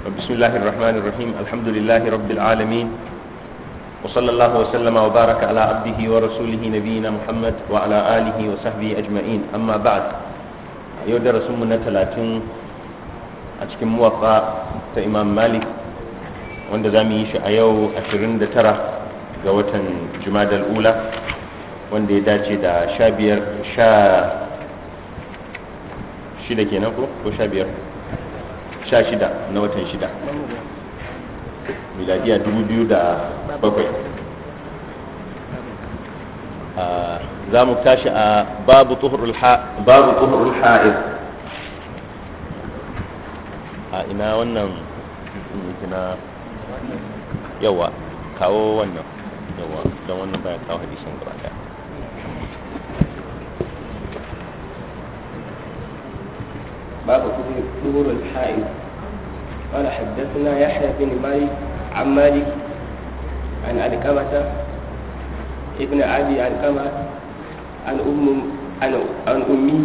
بسم الله الرحمن الرحيم الحمد لله رب العالمين وصلى الله وسلم وبارك على عبده ورسوله نبينا محمد وعلى آله وصحبه أجمعين أما بعد يودر سمنا ثلاثين أشكي موقع إمام مالك وند زامي شعيو أشرين دترة جوة جماد الأولى وند داتي دا شابير شا شيدا كينا كو شابير sha shida na watan shida miladiya dubu biyu da bakwai ah, za mu tashi a babu tuhurul ha'ir a ina wannan ina yawa kawo wannan yawa don wannan baya kawo hadisin gaba daya babu tuhurul ha'ir قال حدثنا يحيى بن مالك عن مالك عن علقمة ابن أبي علقمة عن أم عن عن أمه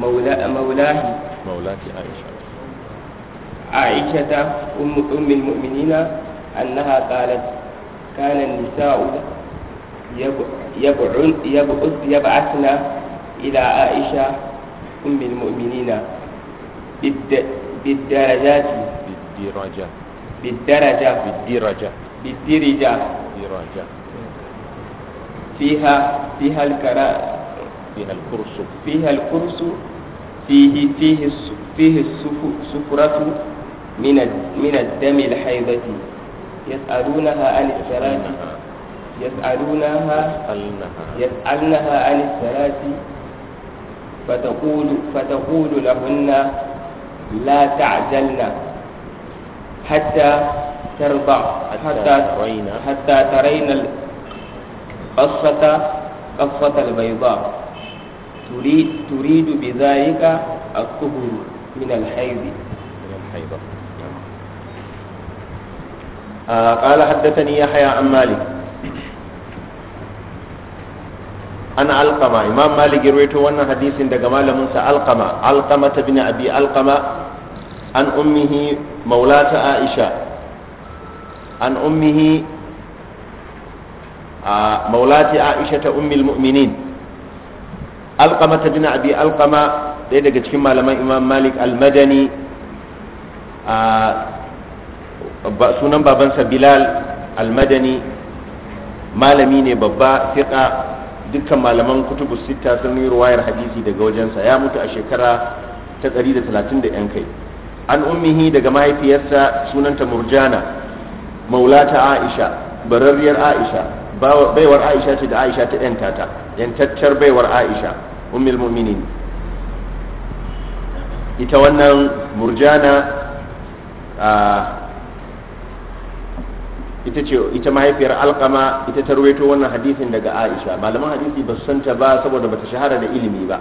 مولا مولاه مولاك عائشة عائشة أم أم المؤمنين أنها قالت كان النساء يبعثن يبعث يبعثن إلى عائشة أم المؤمنين بالدرجات بالدرجة بالدرجة بالدرجة بالدرجة درجة فيها فيها الكرا فيها الكرس فيها الكرس فيه فيه فيه السفرة من من الدم الحيضة يسألونها عن الصلاة يسألونها يسألنها عن الصلاة فتقول فتقول لهن لا تعجلن حتى ترضع حتى ترين حتى ترين القصة قصة البيضاء تريد تريد بذلك الطهر من الحيض من الحيض نعم. آه، قال حدثني يحيى عن مالك an alqama imam malik rawaito wannan hadisin daga malamin sa alqama alqama ta bin abi alqama an ummihi maulata aisha an ummihi maulati aisha ta ummul mu'minin alqama ta bin abi alqama ɗaya daga cikin malaman imam malik almadani sunan babansa bilal almadani malami ne babba fiƙa dukkan malaman kutubu sita sun yi ruwayar hadisi daga wajensa ya mutu a shekara ta 130 da yan kai an ummihi daga mahaifiyarsa sunanta murjana maulata aisha bararriyar aisha baiwar aisha ce da aisha ta yanta tata yantacciyar baiwar aisha ummil mu'minin ita wannan murjana ita ce ita mahaifiyar alkama ita ta ruwaito wannan hadisin daga aisha malaman hadisi ba san ta ba saboda bata shahara da ilimi ba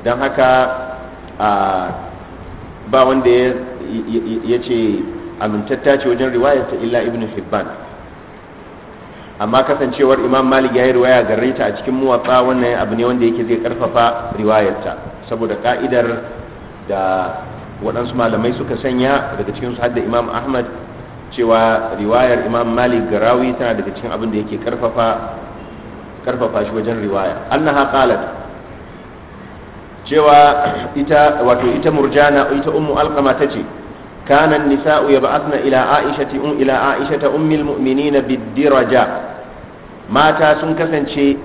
don haka ba wanda ya ce amintatta ce wajen riwayarta illa ibn hibban amma kasancewar imam malik ya yi riwaya ga raita a cikin muwatsa wannan abu ne wanda yake zai karfafa riwayarta saboda ka'idar da waɗansu malamai suka sanya daga cikin su hadda imam ahmad cewa riwayar imam malik garawi tana daga cikin abin da yake karfafa karfafa shi wajen riwaya annaha qalat cewa ita wato ita murjana ita ummu alqama tace kana an-nisa'u yab'athna ila aishati um ila aishata ummil mu'minina bid-diraja mata sun kasance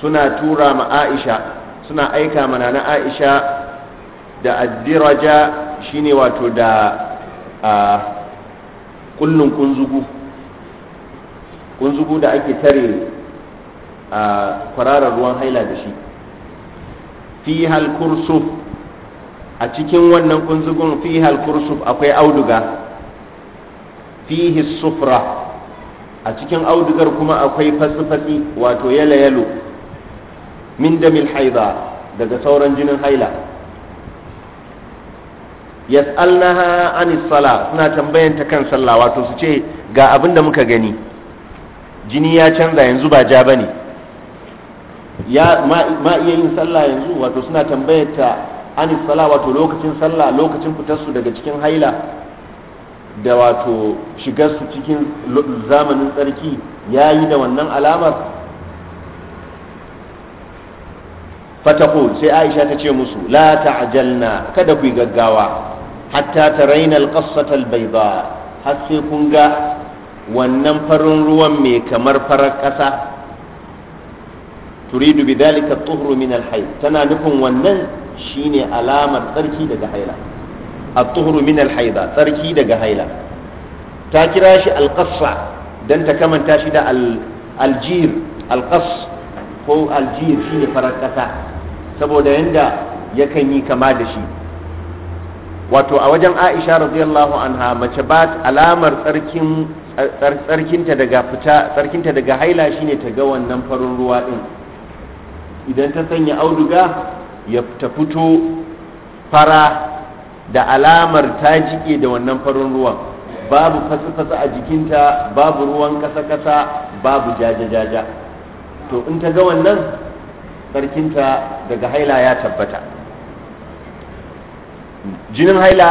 suna tura ma aisha suna aika mana na aisha da ad-diraja shine wato da a kullun kunzugu kunzugu da ake tare a kwararar ruwan haila da shi fi halkursuf a cikin wannan kunzugun fi halkursuf akwai auduga fihi sufra a cikin audugar kuma akwai fasi-fasi wato yalo-yalo min damil haida daga sauran jinin haila yas'alnaha anis sala suna tambayan ta kan sallah wato su ce ga abin da muka gani jini ya canza yanzu ba ja bane ya ma, iya yin sallah yanzu wato suna tambayar ta anis sala wato lokacin sallah lokacin fitar su daga cikin haila da wato shigar su cikin zamanin tsarki yayi da wannan alamar fataqul sai aisha ta ce musu la ta'jalna kada kuyi gaggawa hatta raina alqassata albayda har sai kun ga wannan farin ruwan mai kamar farar ƙasa turidu bidhalika at-tuhru min al tana nufin wannan shine alamar tsarki daga haila at-tuhru min al tsarki daga haila ta kira shi al dan ta kamanta shi da aljiyar shi ne farar ƙasa saboda yanda yakan yi kama da shi wato a wajen aisha radiyallahu anha mace ba alamar tsarkinta daga fita tsarkinta daga haila shine ta ga wannan farin ruwa din idan ta sanya auduga ya ta fito fara da alamar ta jike da wannan farin ruwan babu fasa-fasa a jikinta babu ruwan kasa-kasa babu jaja-jaja to in ta ga wannan tsarkinta daga haila ya tabbata jinin haila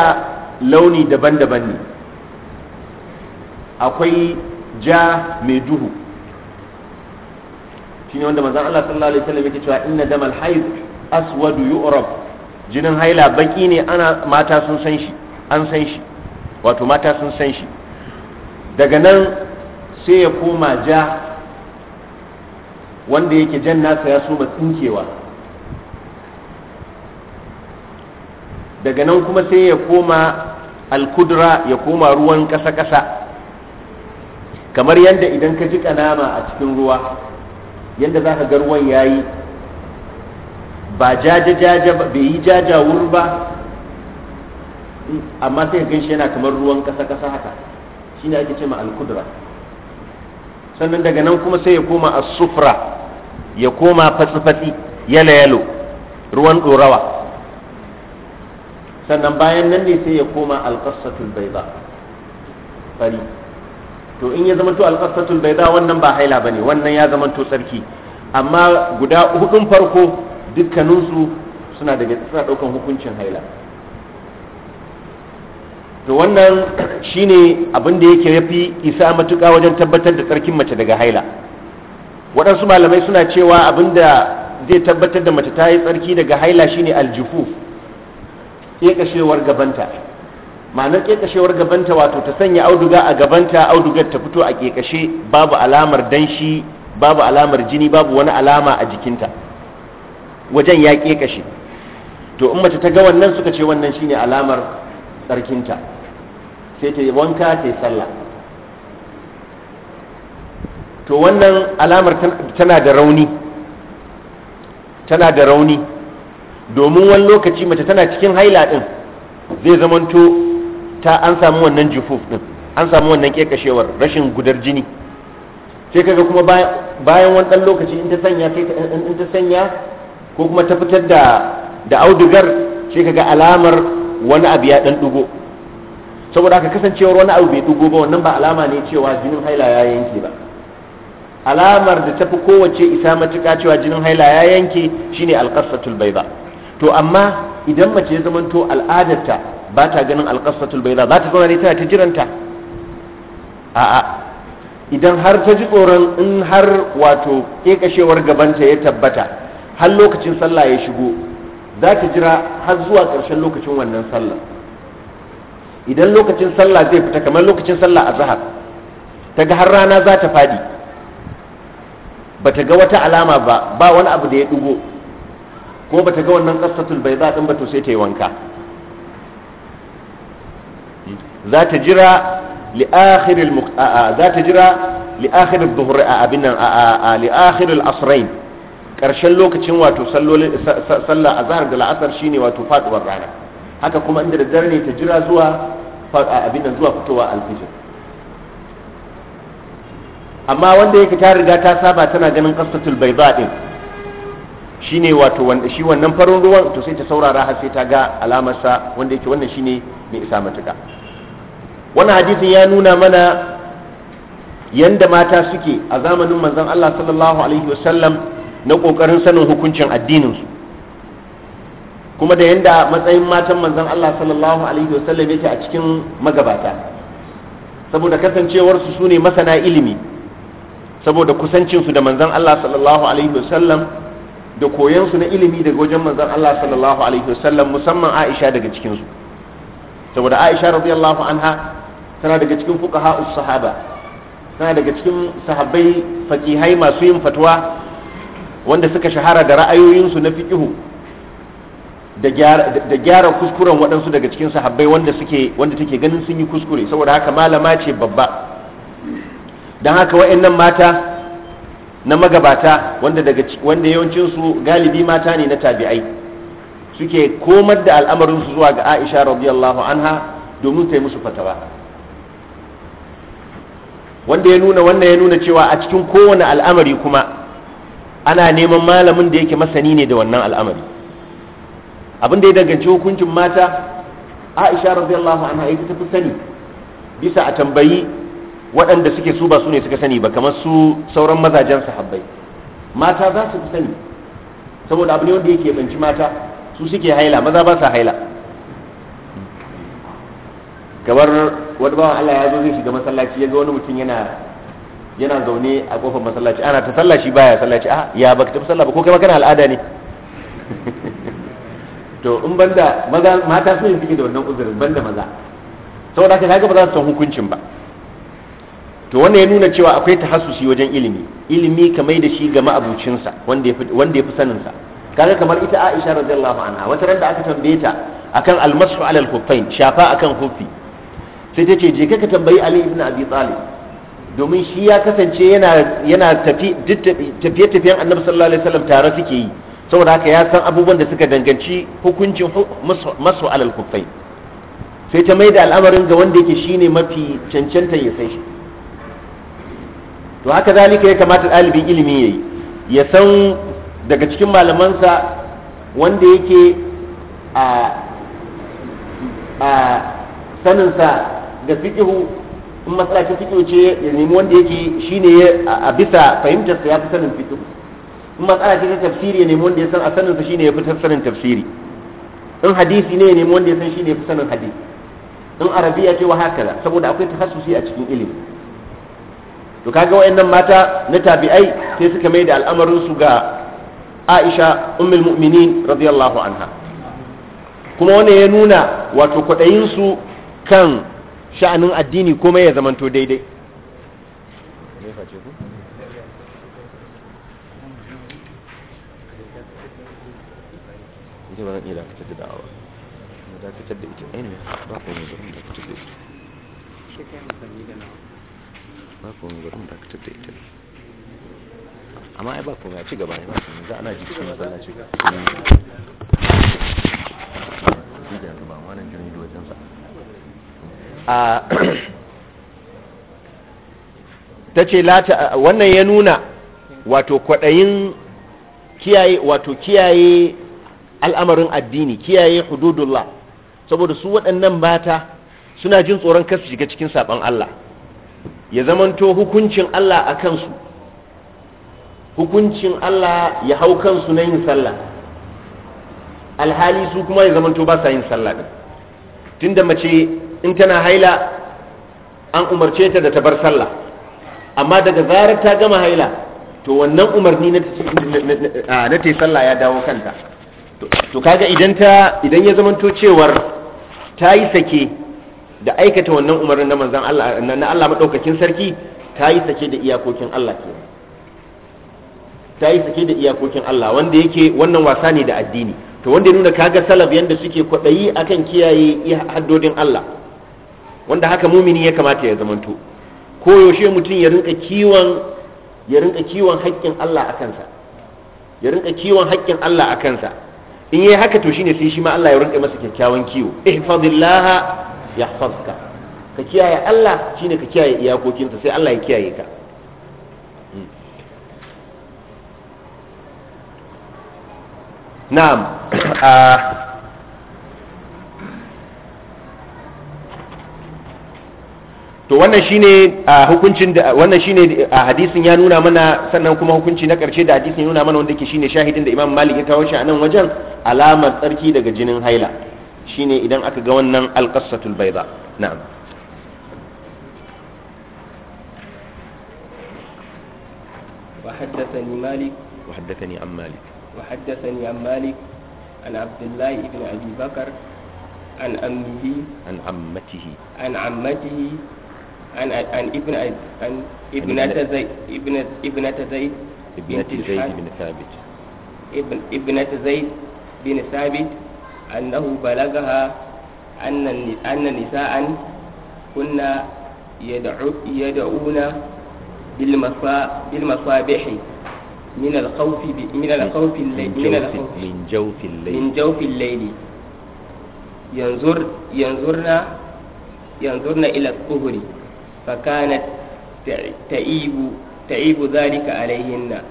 launi daban-daban ne akwai ja mai duhu shine wanda manzon Allah sallallahu alaihi wasallam yake cewa inna damal hayd aswad yu'rab jinin haila baki ne ana mata sun san shi an san shi wato mata sun san shi daga nan sai ya koma ja wanda yake jan nasa ya so ba tsinkewa daga nan kuma sai ya koma alkudra ya koma ruwan ƙasa-ƙasa kamar yadda idan ka ji kanama a cikin ruwa yadda za ka ga ruwan ya yi ba jaja-jaja bai yi jajawur ba amma sai ka shi yana kamar ruwan ƙasa-ƙasa haka shi ne ake ce ma alkudra sannan daga nan kuma sai ya koma a sufra ya koma fatsi-fatsi yalo-yalo ruwan ɗorawa sannan bayan nan ne sai ya koma alƙasatul baiba fari to in ya zama to alƙasatul baiba wannan ba haila ba ne wannan ya zama to sarki amma guda hudun farko dukkaninsu suna daga suna ɗaukan hukuncin haila to wannan shine abin da yake yafi isa matuƙa wajen tabbatar da tsarkin mace daga haila waɗansu malamai suna cewa abin da zai tabbatar da mace ta yi tsarki daga haila shine aljihu. kekashewar gabanta ma'anar kekashewar gabanta wato ta sanya auduga a gabanta audugar ta fito a kekashe babu alamar danshi babu alamar jini babu wani alama a jikinta wajen ya kekashe to in mace ta ga wannan suka ce wannan shine alamar tsarkinta sai ta yi wanka ta yi sallah to wannan alamar tana da rauni tana da rauni domin wani lokaci mace tana cikin haila din zai zamanto ta an samu wannan jufuf din an samu wannan kekashewar rashin gudar jini sai kaga kuma bayan wani dan lokaci in ta sanya in ta sanya ko kuma ta fitar da da audugar sai kaga alamar wani abu ya dan dugo saboda haka kasancewar wani abu bai dugo ba wannan ba alama ne cewa jinin haila ya yanke ba alamar da ta fi kowace isa matuƙa cewa jinin haila ya yanke shine bai ba. to amma idan mace ya zamanto al'adarta ba ta ganin alƙasatul bai za ta zauna ne tana ta jiranta a'a idan har ta ji tsoron in har wato ƙeƙashewar gabanta ya tabbata har lokacin sallah ya shigo za ta jira har zuwa ƙarshen lokacin wannan sallah idan lokacin sallah zai fita kamar lokacin sallah a zahar ta ga har rana za ta faɗi ba ta ga wata alama ba ba wani abu da ya ɗugo ko bata ga wannan kastatul bai za ba bato sai ta yi wanka za ta jira li akhir al za ta jira li akhir al abin nan li akhir al asrain karshen lokacin wato sallolin sallah azhar da la'asar shine wato faduwar rana haka kuma inda da dare ne ta jira zuwa abin nan zuwa fitowa alfijir amma wanda yake ta riga ta saba tana ganin qasatul bayda din shi ne wato wanda shi wannan farin ruwan to sai ta saurara har sai ta ga alamarsa wanda yake wannan shine mai isa matuka wannan hadisin ya nuna mana yanda mata suke a zamanin manzon Allah sallallahu alaihi wasallam na kokarin sanin hukuncin addinin su kuma da yanda matsayin matan manzon Allah sallallahu alaihi wasallam yake a cikin magabata saboda kasancewar su sune masana ilimi saboda kusancin su da manzon Allah sallallahu alaihi wasallam da koyansu na ilimi daga wajen manzon Allah sallallahu alaihi wasallam musamman Aisha daga cikin su saboda Aisha radiyallahu anha tana daga cikin fuqaha sahaba tana daga cikin sahabbai fakihai masu yin fatwa wanda suka shahara da ra'ayoyinsu na fiqihu da gyara kuskuren waɗansu daga cikin sahabbai wanda suke wanda take ganin sun yi kuskure saboda haka malama ce babba don haka wa'annan mata na magabata wanda daga wanda yawancin su galibi mata ne na tabi'ai suke komar da al'amarin su zuwa ga Aisha radiyallahu anha domin ta yi musu fatawa wanda ya nuna wannan ya nuna cewa a cikin kowane al'amari kuma ana neman malamin da yake masani ne da wannan al'amari abin da ya danganci hukuncin mata Aisha radiyallahu anha ita ta fi sani bisa a tambayi waɗanda suke su ba su ne suka sani ba kamar su sauran mazajen sahabbai mata za su sani saboda abu ne wanda yake banci mata su suke haila maza ba sa haila kamar wani bawan Allah ya zo zai shiga masallaci ya ga wani mutum yana yana zaune a kofar masallaci ana ta sallah shi baya sallaci a ya ah, ka tafi sallah ba ko kai kana al'ada ne to in banda maza mata su ne suke da wannan uzurin banda maza saboda haka kaga ba za su san hukuncin ba to wanda ya nuna cewa akwai hasusi wajen ilimi ilimi kamar da shi ga ma'abucinsa wanda ya fi saninsa kaga kamar ita Aisha radiyallahu anha wata ran da aka tambaye ta akan almasu alal khuffain shafa akan khuffi sai ta ce je ka tambayi Ali ibn Abi Talib domin shi ya kasance yana yana tafi tafiye tafiyen Annabi sallallahu alaihi wasallam tare suke yi saboda haka ya san abubuwan da suka danganci hukuncin masu alal khuffain sai ta mai da al'amarin ga wanda yake shine mafi cancanta ya sai shi to haka zalika ya kamata ɗalibin ilimi yayi ya san daga cikin malamansa wanda yake a a saninsa ga fikihu in masalacin fikihu ce ya nemi wanda yake shine a bisa fahimtarsa ya fi sanin fikihu in matsala ta tafsiri ya nemi wanda ya san a saninsa shine ya fi sanin tafsiri in hadisi ne ya nemi wanda ya san shine ya fi sanin hadisi in arabiya ce wa haka saboda akwai tahassusi a cikin ilimi to kaga wayannan mata na tabi'ai sai suka mai da al'amarin su ga Aisha ummul mu'minin radiyallahu anha kuma wannan ya nuna wato kwadayin su kan sha'anin addini kuma ya zamanto daidai ba zan iya ku Tace ta ce wannan ya nuna wato kwaɗayin kiyaye wato kiyaye al'amarin addini kiyaye hududullah saboda su waɗannan bata suna jin tsoron kasu shiga cikin saɓon Allah ya zamanto hukuncin Allah a kansu hukuncin Allah ya hau kansu na yin sallah alhali su kuma ya zamanto ba sa yin sallah din tunda mace in tana haila an umarce ta da ta bar sallah amma daga zarar ta gama haila to wannan umarni na ta yi sallah ya dawo kanta to kaga idan ta idan ya zamanto cewar ta yi sake da aikata wannan umarnin na manzan Allah na Allah madaukakin sarki ta yi sake da iyakokin Allah ke ta yi sake da iyakokin Allah wanda yake wannan wasa ne da addini to wanda ya nuna kaga salaf yanda suke kwadayi akan kiyaye haddodin Allah wanda haka mumini ya kamata ya zamanto koyaushe mutum ya rinka kiwon ya rinka kiwon haƙƙin Allah a kansa ya rinka kiwon haƙƙin Allah a kansa in yayi haka to shine sai shi ma Allah ya rinka masa kyakkyawan kiwo ihfazillaha ya yahfazka ka kiyaye Allah shine ka kiyaye iyakokinsa sai Allah ya kiyaye ka na'am ah. to wannan shine a ah, hukuncin da wannan shine a ah, hadisin ya nuna mana sannan kuma hukunci na karshe da hadisin ya nuna mana wanda shi shine shahidin da Imam Malik ya kawo shi a nan wajen alamar tsarki daga jinin haila شيني إذا aka ga wannan alƙasatul baiza وحدثني مالك وحدثني عن مالك وحدثني عن مالك عن عبد الله بن أبي بكر عن أمه عن عمته عن عمته عن عن ابن عن ابنة زيد ابنة ابنة زيد ابنة زيد بن ثابت ابن ابنة زيد بن ثابت أنه بلغها أن أن نساء كنا يدعون بالمصابيح من الخوف من الخوف الليل من الخوف من جوف الليل من جوف الليل ينظر ينظرنا ينظرنا إلى الطهر فكانت تعيب تعيب ذلك عليهن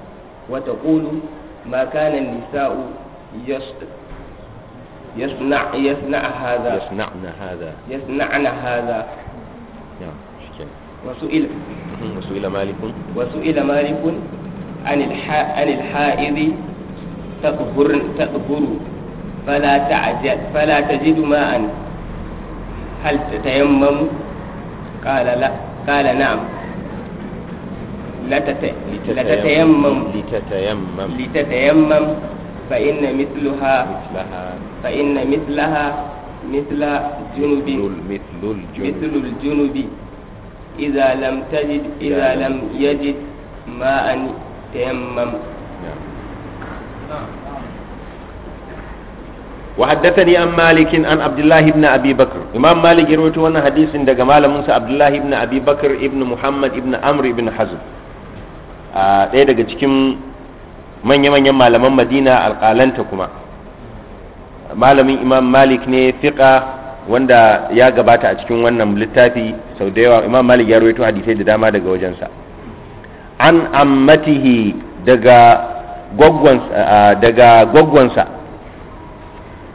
وتقول ما كان النساء يصنع يصنع هذا يصنعنا هذا يصنعنا هذا نعم وسئل وسئل مالك وسئل مالك عن الحا عن الحائض تقهر تقهر فلا تعجل فلا تجد ماء هل تتيمم قال لا قال نعم لتتيمم لتتيمم لتتيمم فإن مثلها مثلها فإن مثلها مثل جنوب مثل الجنوب, مثل الجنوب إذا لم تجد إذا لم يجد ماء تيمم وحدثني عن مالك عن عبد الله بن ابي بكر امام مالك يروي وانا حديث عند جمال موسى عبد الله بن ابي بكر ابن محمد ابن عمرو بن حزم آه ده daga cikin manya-manyan malaman madina alƙalanta kuma malamin imam malik ne fiƙa wanda ya gabata a cikin wannan littafi sau da yawa imam malik ya rawaito hadisai da dama daga wajensa an ammatihi daga gwaggwansa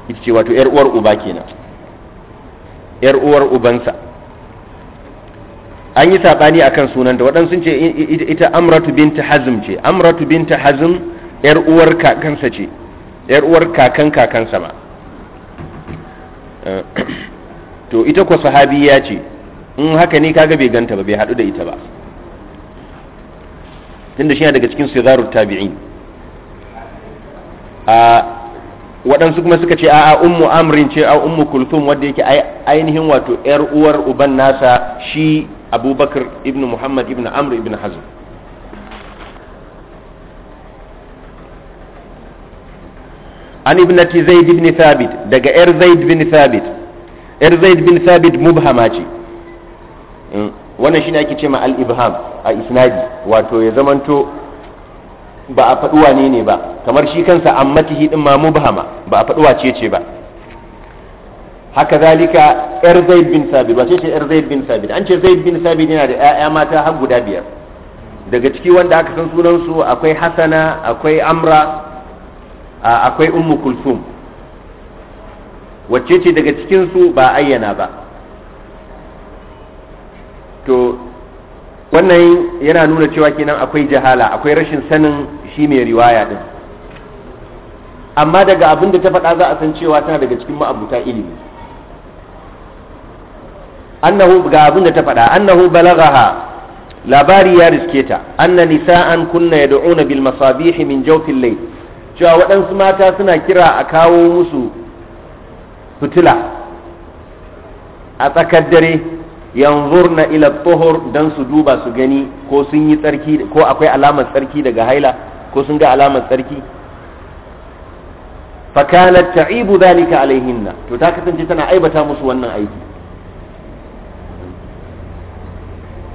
ita ce wato yar uwar uba kenan yar uwar ubansa an yi saɓani akan sunanta waɗansu ce ita amratu binta hazm ce amratu binta hazm yar uwar kakansa ce yar uwar kakan kakansa ma eh, to ita sahabi ya ce in haka ne kaga bai ganta ba bai hadu da ita ba tunda shi daga cikin sigarut tabi'in a waɗansu kuma suka ce a'a ummu amrin ce a ummu kulthum wadda yake ainihin wato yar uwar uban nasa shi abubakar ibn muhammad ibn amr ibn hazm عن ibnati زيد بن ثابت daga yar زيد bin ثابت yar زيد bin ثابت mubhama ce wannan shine ake ce ma al ibham a isnadi wato ya zamanto ba a faɗi wane ne ba kamar shi kansa ammatihi din ma mubhama ba a faɗi wace ce ba haka zalika yar zaid bin sabit wace ce yar zaid bin sabit an ce zaid bin sabit yana da 'ya'ya mata har guda biyar daga ciki wanda aka san sunansu akwai hasana akwai amra akwai ummu kulsum wacce ce daga cikin su ba ayyana ba to wannan yana nuna cewa kenan akwai jahala akwai rashin sanin shi mai riwaya din amma daga abin da ta faɗa za a san cewa tana daga cikin ma'abuta ilimi annahu ga abin da ta faɗa annahu balagaha labari ya riske ta anna nisa'an kunna yad'una bil masabih min jawfil layl cewa waɗansu mata suna kira a kawo musu fitila a tsakar dare yanzu na ila tsohor don su duba su gani ko sun yi tsarki ko akwai alamar tsarki daga haila ko sun ga alamar tsarki fakalar ta'ibu zalika alaihinna to ta kasance tana aibata musu wannan aiki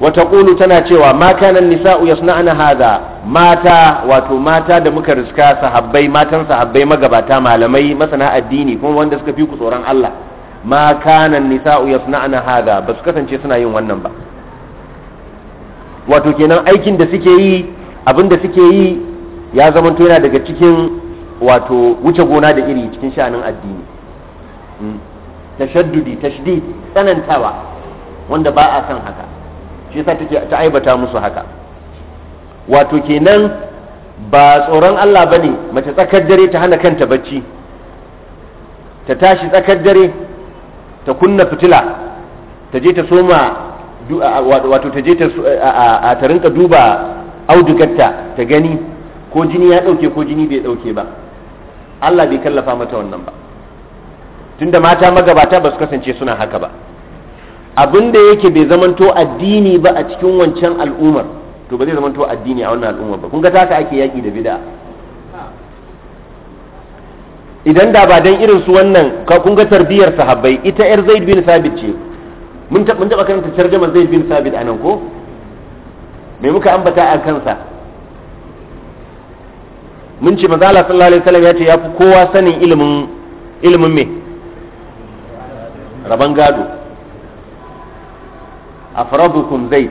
wata وتقول تناتشوا ما كان النساء ana haza mata wato mata da muka riska sahabbai matan sahabbai magabata malamai masana addini kuma wanda suka fi ku tsoron Allah ma kana nisa'u ana haza ba su kasance suna yin wannan ba wato kenan aikin da suke yi abin da suke yi ya zamanto yana daga cikin wato wuce gona da iri cikin sha'anin addini hmm. tashaddudi tashdid tsanantawa wanda ba a san haka shi yasa take ta aibata musu haka wato kenan ba tsoron Allah bane mace tsakar dare ta hana kanta bacci ta tashi tsakar dare ta kunna fitila ta je ta soma wato ta je ta ta rinka duba audugarta ta gani ko jini ya dauke ko jini bai dauke ba Allah bai kallafa mata wannan ba tunda mata magabata ba su kasance suna haka ba abin da yake bai zamanto addini ba a cikin wancan al'ummar to ba zai zamanto addini a wannan al'ummar ba kun ga ta ake yaki da bid'a idan da ba dan irin su wannan kun ga tarbiyar sahabbai ita yar zaid bin sabit ce mun taɓa taɓa karanta tarjamar zaid bin sabit anan ko me muka ambata a kansa mun ce manzo Allah sallallahu alaihi wasallam ya ce ya fi kowa sanin ilimin ilimin me raban gado afradukum zaid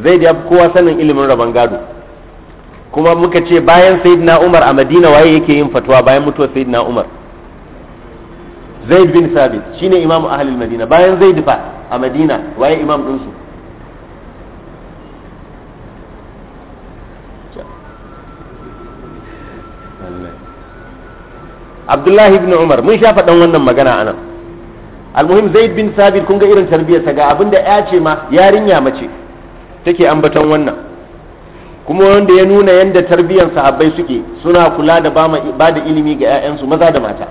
zaid ya kowa sanin ilimin rabon gado kuma muka ce bayan sayyidina umar a madina waye yake yin fatwa bayan mutuwar sayyidina umar zaid bin sabit shine imam ahlul madina bayan zaid fa a madina waye imam din su abdullahi ibn umar mun shafa dan wannan magana anan almuhim zaid bin sabit kun ga irin tarbiyarsa ga abinda ya ce ma yarinya mace take ambaton wannan kuma wanda ya nuna yadda tarbiyyar sahabbai suke suna kula da ba da ilimi ga 'ya'yansu maza da mata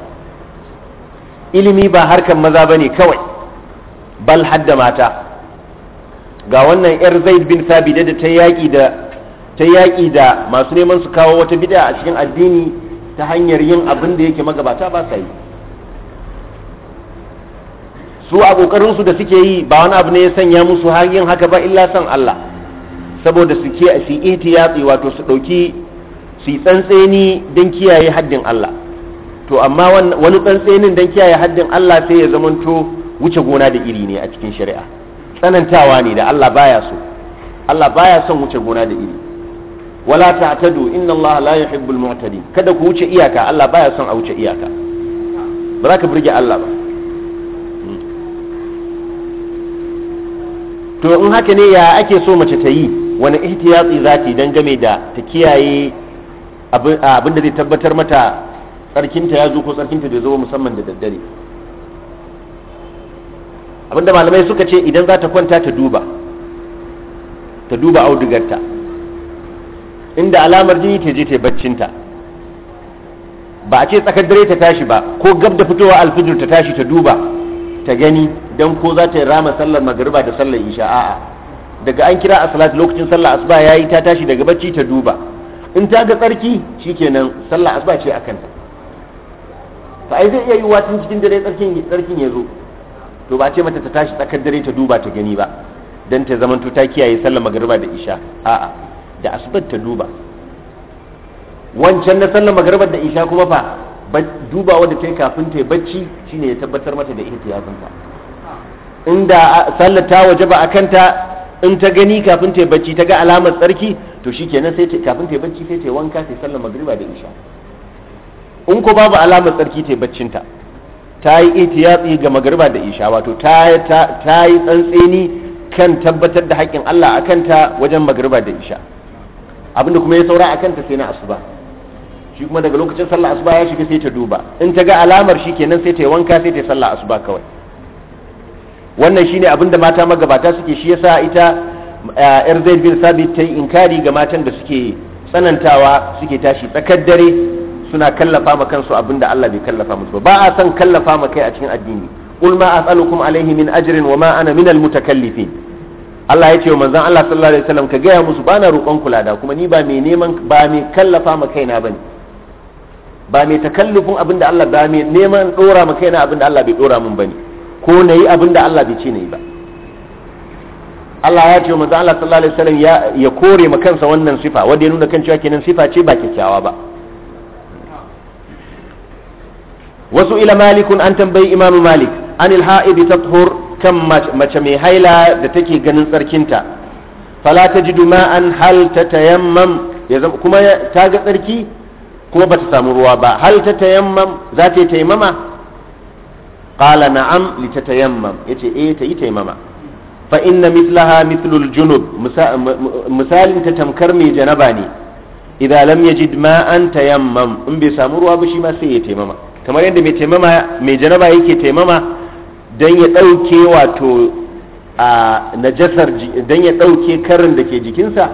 ilimi ba harkan maza ba ne kawai bal hadda mata ga wannan 'yar zaid bin sabit da ta yaki da ta yaƙi da masu neman su kawo wata bid'a a cikin addini ta hanyar yin abinda yake magabata ba sa yi su a ƙoƙarinsu da suke yi ba wani abu ne ya sanya musu har haka ba illa san Allah saboda su ke su yatsi wato su ɗauki su yi tsantseni don kiyaye haddin Allah to amma wani tsantsenin don kiyaye haddin Allah sai ya zamanto wuce gona da iri ne a cikin shari'a tsanantawa ne da Allah baya so Allah baya son wuce gona da iri wala ta'tadu inna Allah la yuhibbul mu'tadin kada ku wuce iyaka Allah baya son a wuce iyaka ba za ka burge Allah ba to in haka ne ya ake so mace ta yi wani ihtiyatsi za ta yi game da ta kiyaye abin da zai tabbatar mata tsarkinta ya zo ko tsarkinta bai zo musamman da daddare abinda malamai suka ce idan za ta kwanta ta duba ta duba audugarta inda alamar jini ta je ta baccinta ba a ce tsakar dare ta tashi ba ko gab da fitowa alfijir ta tashi ta duba ta gani dan ko za ta rama sallar magariba da sallar isha a'a daga an kira asalat lokacin sallar asuba yayi ta tashi daga bacci ta duba in ta ga tsarki shikenan sallar asuba ce akan ta fa ai zai iya yiwuwa tun cikin dare tsarkin tsarkin ya zo to ba ce mata ta tashi tsakar dare ta duba ta gani ba dan ta to ta kiyaye sallar magariba da isha a'a da asubar ta duba wancan na sallar magariba da isha kuma fa dubawa da ta yi kafin ta yi bacci shine ya tabbatar mata da ihtiyazinta inda sallar ta waje ba a kanta in ta gani kafin ta bacci ta ga alamar tsarki to shikenan sai kafin ta bacci sai ta wanka sai sallar magriba da isha in ko babu alamar tsarki ta baccinta ta yi itiyatsi ga magriba da isha wato ta yi tsantseni kan tabbatar da haƙƙin Allah a kanta wajen magriba da isha abinda kuma ya saura a kanta sai na asuba shi kuma daga lokacin sallar asuba ya shiga sai ta duba in ta ga alamar shi kenan sai ta yi wanka sai ta yi sallar asuba kawai wannan shine abin da mata magabata suke shi yasa ita eh, yar zaid bin sabit ta yi inkari ga matan da suke tsanantawa suke tashi tsakar dare suna kallafa ma kansu abin da Allah bai kallafa musu ba a san kallafa ma kai a cikin addini qul ma as'alukum alaihi min ajrin wa ma ana min al mutakallifin Allah ya ce wa manzon Allah sallallahu alaihi wasallam ka gaya musu bana roƙon kula da kuma ni ba mai neman ba mai kallafa ma kaina bane ba mai takallufin abin da Allah ba mai neman dora ma kaina abin da Allah bai dora mun bane ko na yi abin da Allah bai ce na yi ba Allah ya ce wa maza Allah sallallahu alaihi wasallam ya kore ma kansa wannan sifa wanda ya nuna kan cewa kenan sifa ce ba kyakkyawa ba wasu ila malikun an tambayi imamu malik anil ha'id tathur kan mace mai haila da take ganin tsarkinta fala duma an hal ta ya kuma ta ga tsarki kuma ba ta samu ruwa ba hal ta tayammam za ta yi taimama qala na'am tatayammam yace eh ta yi taimama fa inna mithlaha mithlul junub misalin ta tamkar mai janaba ne idan lam yajid an tayammam in bai samu ruwa ba shi ma sai ya taimama kamar yadda mai taimama mai janaba yake taimama dan ya dauke wato a najasar dan ya dauke karin da ke jikinsa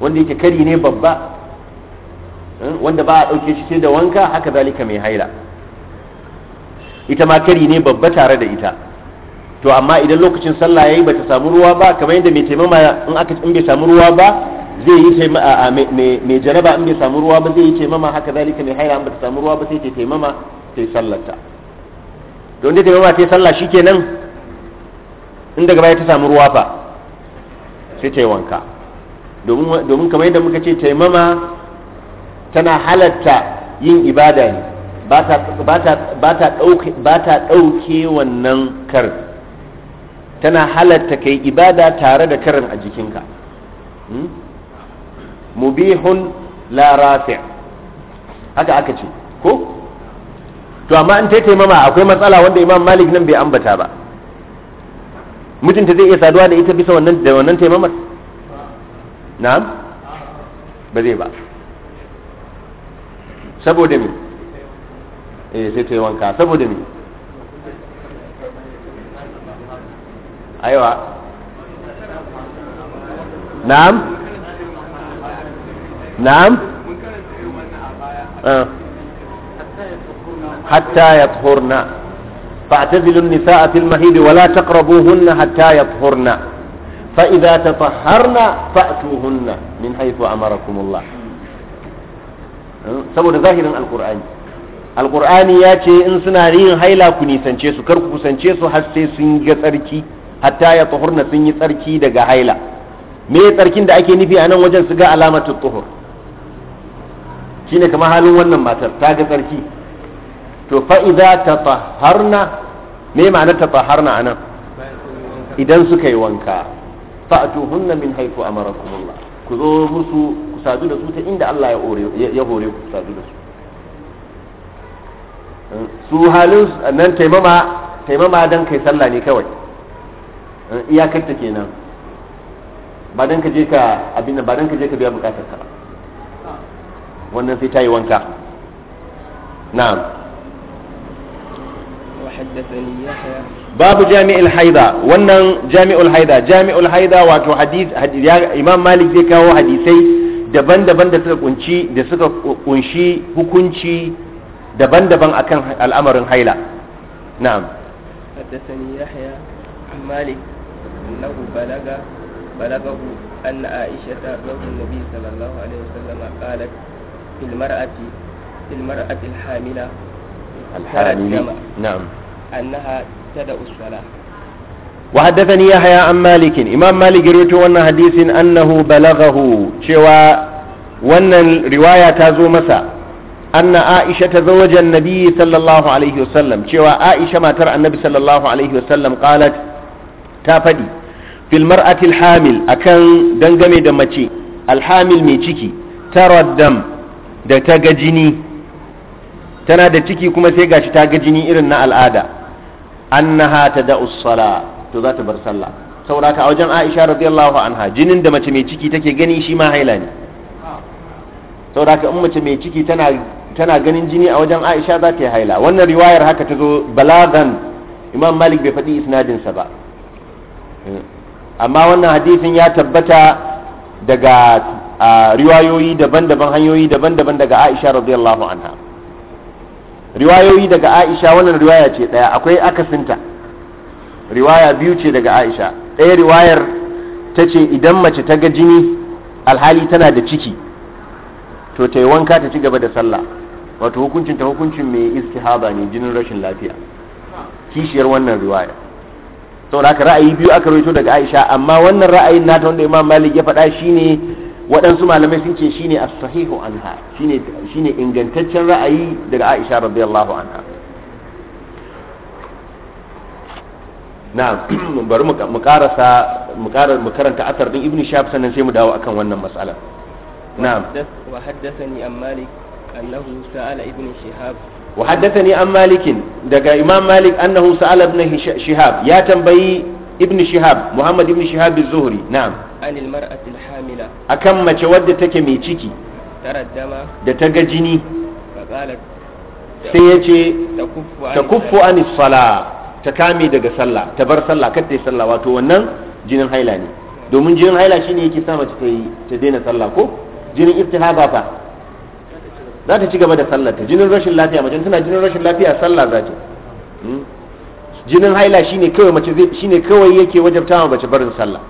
wanda yake kari ne babba eh, wanda ba a dauke shi sai da wanka haka zalika mai haila ita ma kari ne babba tare da ita to amma idan lokacin sallah yayi bata samu ruwa ba kamar yadda mai taimama in aka in bai samu ruwa ba zai yi taimama mai janaba in bai samu ruwa ba zai yi taimama haka zalika mai haila in bata samu ruwa ba sai ta taimama ta sallarta don da taimama ta sallah shikenan in daga baya ta samu ruwa fa sai ta yi wanka domin kamar yadda muka ce taimama tana halatta yin ibada ne ba ta ɗauke wannan karin tana halatta kai ibada tare da karin a jikinka hmm? mubihun la rafi haka aka ce ko to amma an taita mama akwai matsala wanda imam malik nan bai ambata ba mutunta zai iya saduwa da ita bisa wannan da wannan taimamar na'am ba zai ba saboda mai eh sai ta yi wanka saboda me aiwa na'am na'am ah. hatta ya tsohorna fa'tazilun nisa'a fil mahid wa la taqrabuhunna hatta yatahharna fa idza tatahharna fa'tuhunna min haythu amarakum Allah hmm? saboda zahirin alqur'ani alkur'ani ya ce in suna yin haila ku nisance su kar ku kusance su har sai sun ga tsarki hatta ya tuhurna sun yi tsarki daga haila me tsarkin da ake nufi a nan wajen su ga alamatu tuhur shine kamar halin wannan matar ta ga tsarki to fa idza tatahharna me ma'anar tatahharna anan idan suka yi wanka fa'tuhunna min haythu amarakumullah ku zo musu ku sadu da su ta inda Allah ya hore ku sadu da su su halin nan taimama taimama don kai sallah ne kawai iyakarta kenan ba don ka je ka abin ba don ka je ka biya bukatar ka wannan sai ta yi wanka na'am babu jami'ul haida wannan jami'ul haida jami'ul haida wato hadith imam malik zai kawo hadisai daban-daban da suka kunci da suka kunshi hukunci daban-daban akan al'amarin haila na'am حدثني يحيى عن مالك أنه بلغ بلغه أن عائشة زوج النبي صلى الله عليه وسلم قالت في المرأة في المرأة الحاملة الحاملة نعم أنها تدأ الصلاة وحدثني يحيى عن مالك إمام مالك روته أن حديث أنه بلغه شوى wannan riwaya ta zo masa anna aisha ta zawajen nabi sallallahu alaihi wasallam cewa aisha matar annabi sallallahu alaihi wasallam qalat ta faɗi filmar mar'atil hamil akan dangame da mace alhamil mai ciki taraddam da ta ga jini tana da ciki kuma sai gashi ta ga jini irin na al'ada annaha ta da'us sala to za ta bar sallah saboda a wajen aisha radiyallahu anha jinin da mace mai ciki take gani shi ma haila ne saboda haka in mace mai ciki tana tana ganin jini a wajen Aisha za ta yi haila wannan riwayar haka ta zo balagan Imam Malik bai faɗi isnadin sa ba amma wannan hadisin ya tabbata daga riwayoyi daban-daban hanyoyi daban-daban daga Aisha radiyallahu anha riwayoyi daga Aisha wannan riwaya ce daya akwai akasinta riwaya biyu ce daga Aisha ɗaya riwayar ta ce idan mace ta ga jini alhali tana da ciki to ta yi wanka ta ci gaba da sallah wato hukuncin ta hukuncin mai istihaba ne jinin rashin lafiya kishiyar wannan riwaya saboda aka ra'ayi biyu aka raito daga Aisha amma wannan ra'ayin nata wanda Imam Malik ya faɗa shine waɗansu malamai sun ce shine a sahihu anha shine ne ingantaccen ra'ayi daga Aisha radiyallahu anha na bari mu karanta athar din Ibn shafi sannan sai mu dawo akan wannan matsalar na'am. wahadda sani an malikin daga Iman malik annahusa aladu na shihab ya tambayi ibn shihab muhammad ibn shihab akan mace wadda take mai ciki da ta ga jini kame daga sallah ta bar sallah kadai sallah wato wannan jinin haila ne domin jinin haila shi ne ya ke sa ma ta daina sallah ko. jinin istihaba fa za ta ci gaba da sallar ta jinin rashin lafiya mace tana jinin rashin lafiya sallah za ta hmm? jinin haila shine kawai mace shine kawai yake wajabta ma mace barin sallah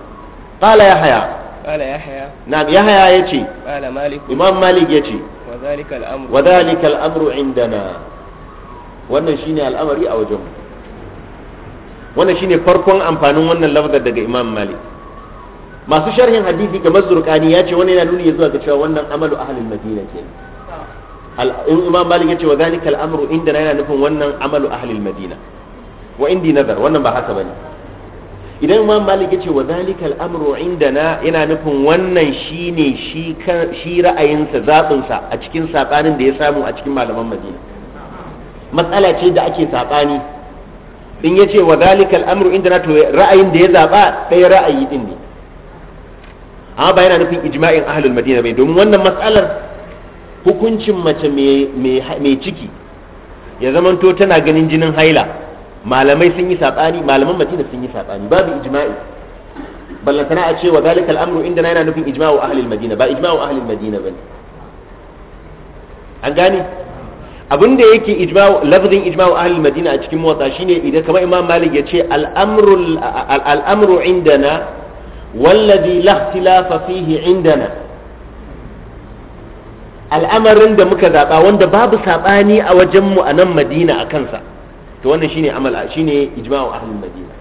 qala ya haya qala ya haya na'am ya haya yace qala malik imam malik yace wa al-amru wa zalika al-amru indana wannan shine al'amari a wajen wannan shine farkon amfanin wannan lafzar daga imam malik masu sharhin hadisi kamar zurkani ya ce wani yana nuni ya zuwa ga cewa wannan amalu ahalin madina ke in imam malik ya ce wa zalika al'amru inda yana nufin wannan amalu ahalin madina wa indi nazar wannan ba haka bane idan imam malik ya ce wa zalika al'amru na yana nufin wannan shine shi shi ra'ayinsa zabinsa a cikin sabanin da ya samu a cikin malaman madina matsala ce da ake sabani in ya ce wa zalika al'amru na to ra'ayin da ya zaba ɗaya ra'ayi din ne amma ba yana nufin ijma'in ahlul madina bai domin wannan matsalar hukuncin mace mai ciki ya zamanto tana ganin jinin haila malamai sun yi saɓani malaman madina sun yi saɓani babu ijma'i ballantana a cewa zalikal amru inda yana nufin ijma'u ahlul madina ba ijma'u ahlul madina bane an gane abin da yake ijma'u lafzin ijma'u ahlul madina a cikin motsa shine idan kamar imam malik ya ce al-amru al-amru indana wallazi la ikhtilafa fihi indana al'amarin da muka zaɓa wanda babu saɓani a wajenmu a nan Madina a kansa to wannan shine amal shine ijma'u ahlul Madina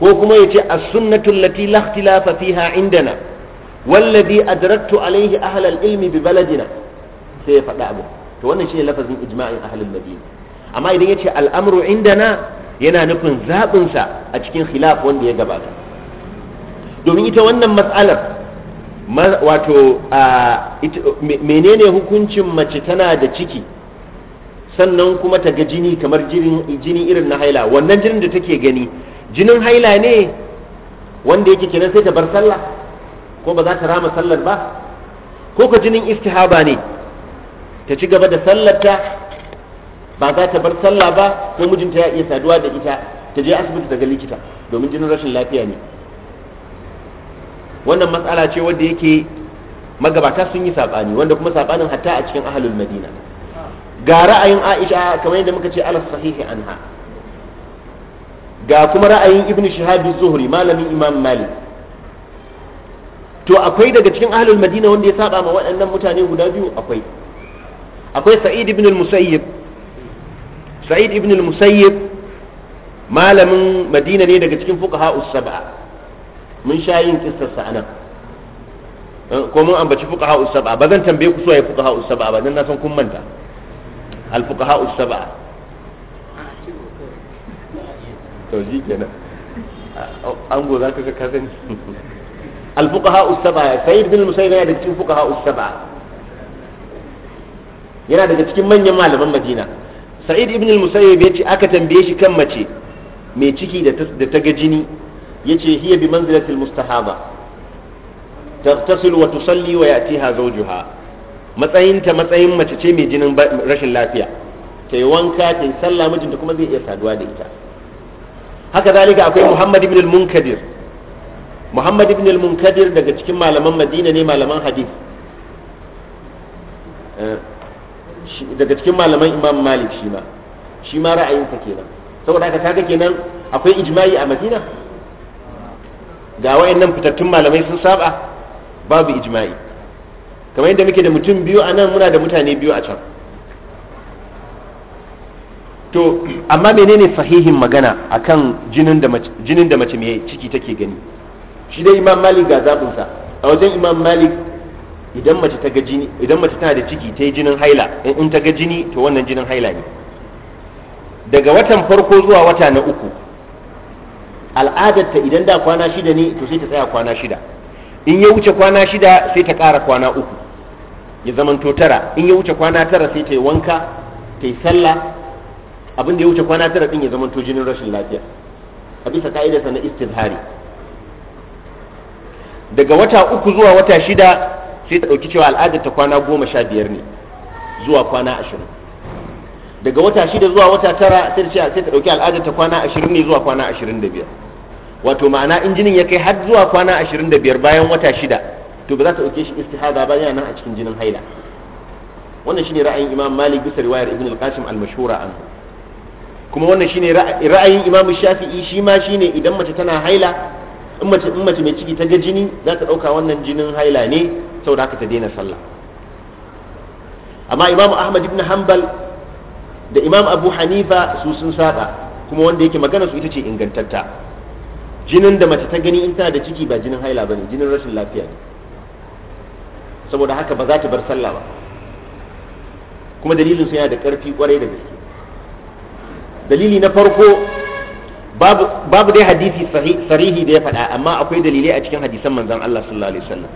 ko kuma yace as-sunnatu allati la ikhtilafa fiha indana wallazi adraktu alayhi ahlal ilmi bi baladina sai ya faɗa abu to wannan shine lafazin ijma'in ahlul Madina amma idan yace al'amru indana yana nufin zabin sa a cikin khilaf wanda ya gabata domin ita wannan matsalar wato menene hukuncin mace tana da ciki sannan kuma ta ga jini kamar jini irin na haila wannan jinin da take gani jinin haila ne wanda yake kenan sai ta bar sallah ko ba za ta rama sallar ba ko ka jinin istihaba ne ta ci gaba da sallarta ba za ta bar sallah ba ko mijinta ya iya saduwa da ita ta je asibiti daga likita domin jinin rashin lafiya ne wannan matsala ce wanda yake magabata sun yi sabani wanda kuma sabanin hatta a cikin ahlul madina ga ra'ayin aisha kamar yadda muka ce ala sahihi anha ga kuma ra'ayin ibnu shahabi zuhri malamin imam malik to akwai daga cikin ahlul madina wanda ya saba ma waɗannan mutane guda biyu akwai akwai sa'id ibn al-musayyib sa'id ibn al-musayyib malamin madina ne daga cikin fuqaha us-sab'a mun sha yin kissarsa anan ko mun ambaci fuqaha usaba ba zan tambaye ku so ya fuqaha usaba ba dan na san kun manta al fuqaha usaba to ji kenan ango zaka ga ka sani al fuqaha usaba sayyid bin musayyib yana da cikin fuqaha usaba yana daga cikin manyan malaman madina sa'id ibn al-musayyib ya ce aka tambaye shi kan mace mai ciki da ta ga jini yace hiya bi manzilatil mustahaba tagtasil wa tusalli wa yatiha zawjuha ta matsayin mace ce mai jinin rashin lafiya ta yi wanka ta yi sallah mijinta kuma zai iya saduwa da ita haka zalika akwai muhammad ibn al-munkadir muhammad ibn al-munkadir daga cikin malaman madina ne malaman hadith eh, daga cikin malaman imam malik shi ma shi ma ra'ayinsa kenan saboda haka kaga kenan akwai ijma'i a madina ga nan fitattun malamai sun saba babu ijma'i kamar yadda muke da mutum biyu a nan muna da mutane biyu a can to amma menene sahihin magana akan jinin da mace jinin da mace mai ciki take gani shi dai imam malik ga zabin a wajen imam malik idan mace ta jini idan mace tana da ciki ta yi jinin haila in ta ga jini to wannan jinin haila ne daga watan farko zuwa wata na uku al'adarta idan da kwana shida ne to sai ta tsaya kwana shida in ya wuce kwana shida sai ta ƙara kwana uku ya to tara in ya wuce kwana tara sai ta yi wanka ta yi sallah abin da ya wuce kwana tara din ya to jinin rashin lafiya a bisa ka'idarsa na istihari daga wata uku zuwa wata shida sai ta ɗauki cewa al'adarta kwana goma sha biyar ne zuwa kwana ashirin daga wata shida zuwa wata tara sai ta sai ta dauki al'ada ta kwana 20 ne zuwa kwana 25 wato ma'ana injinin ya kai har zuwa kwana 25 bayan wata shida to ba za ta dauke shi istihada ba yana nan a cikin jinin haila wannan shine ra'ayin Imam Malik bisa riwayar Ibn al-Qasim al-mashhura an kuma wannan shine ra'ayin Imam Shafi'i shi ma shine idan mace tana haila in mace in mace mai ciki ta ga jini za ta dauka wannan jinin haila ne saboda haka ta daina sallah amma Imam Ahmad ibn Hanbal da imam abu hanifa su sun saba kuma wanda yake magana su ita ce ingantatta jinin da mace ta gani in tana da ciki ba jinin haila ne jinin rashin lafiya ne saboda haka ba za ta bar sallah ba kuma dalilin su yana da karfi kwarai da gaske dalili na farko babu dai hadisi sarihi da ya faɗa amma akwai dalilai a cikin hadisan manzan Allah sallallahu alaihi wasallam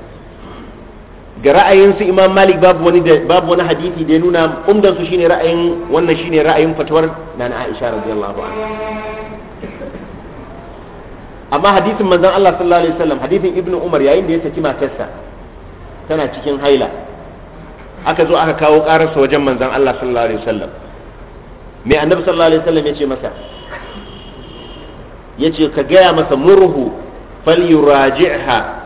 ga ra'ayin su imam malik babu wani babu wani hadisi da ya nuna umdan su shine ra'ayin wannan shine ra'ayin fatawar nana aisha radiyallahu anha amma hadisin manzon Allah sallallahu alaihi wasallam hadisin ibnu umar yayin da ya saki matarsa tana cikin haila aka zo aka kawo kararsa wajen manzon Allah sallallahu alaihi wasallam me annabi sallallahu alaihi wasallam ya ce masa ya ce ka gaya masa murhu falyuraji'ha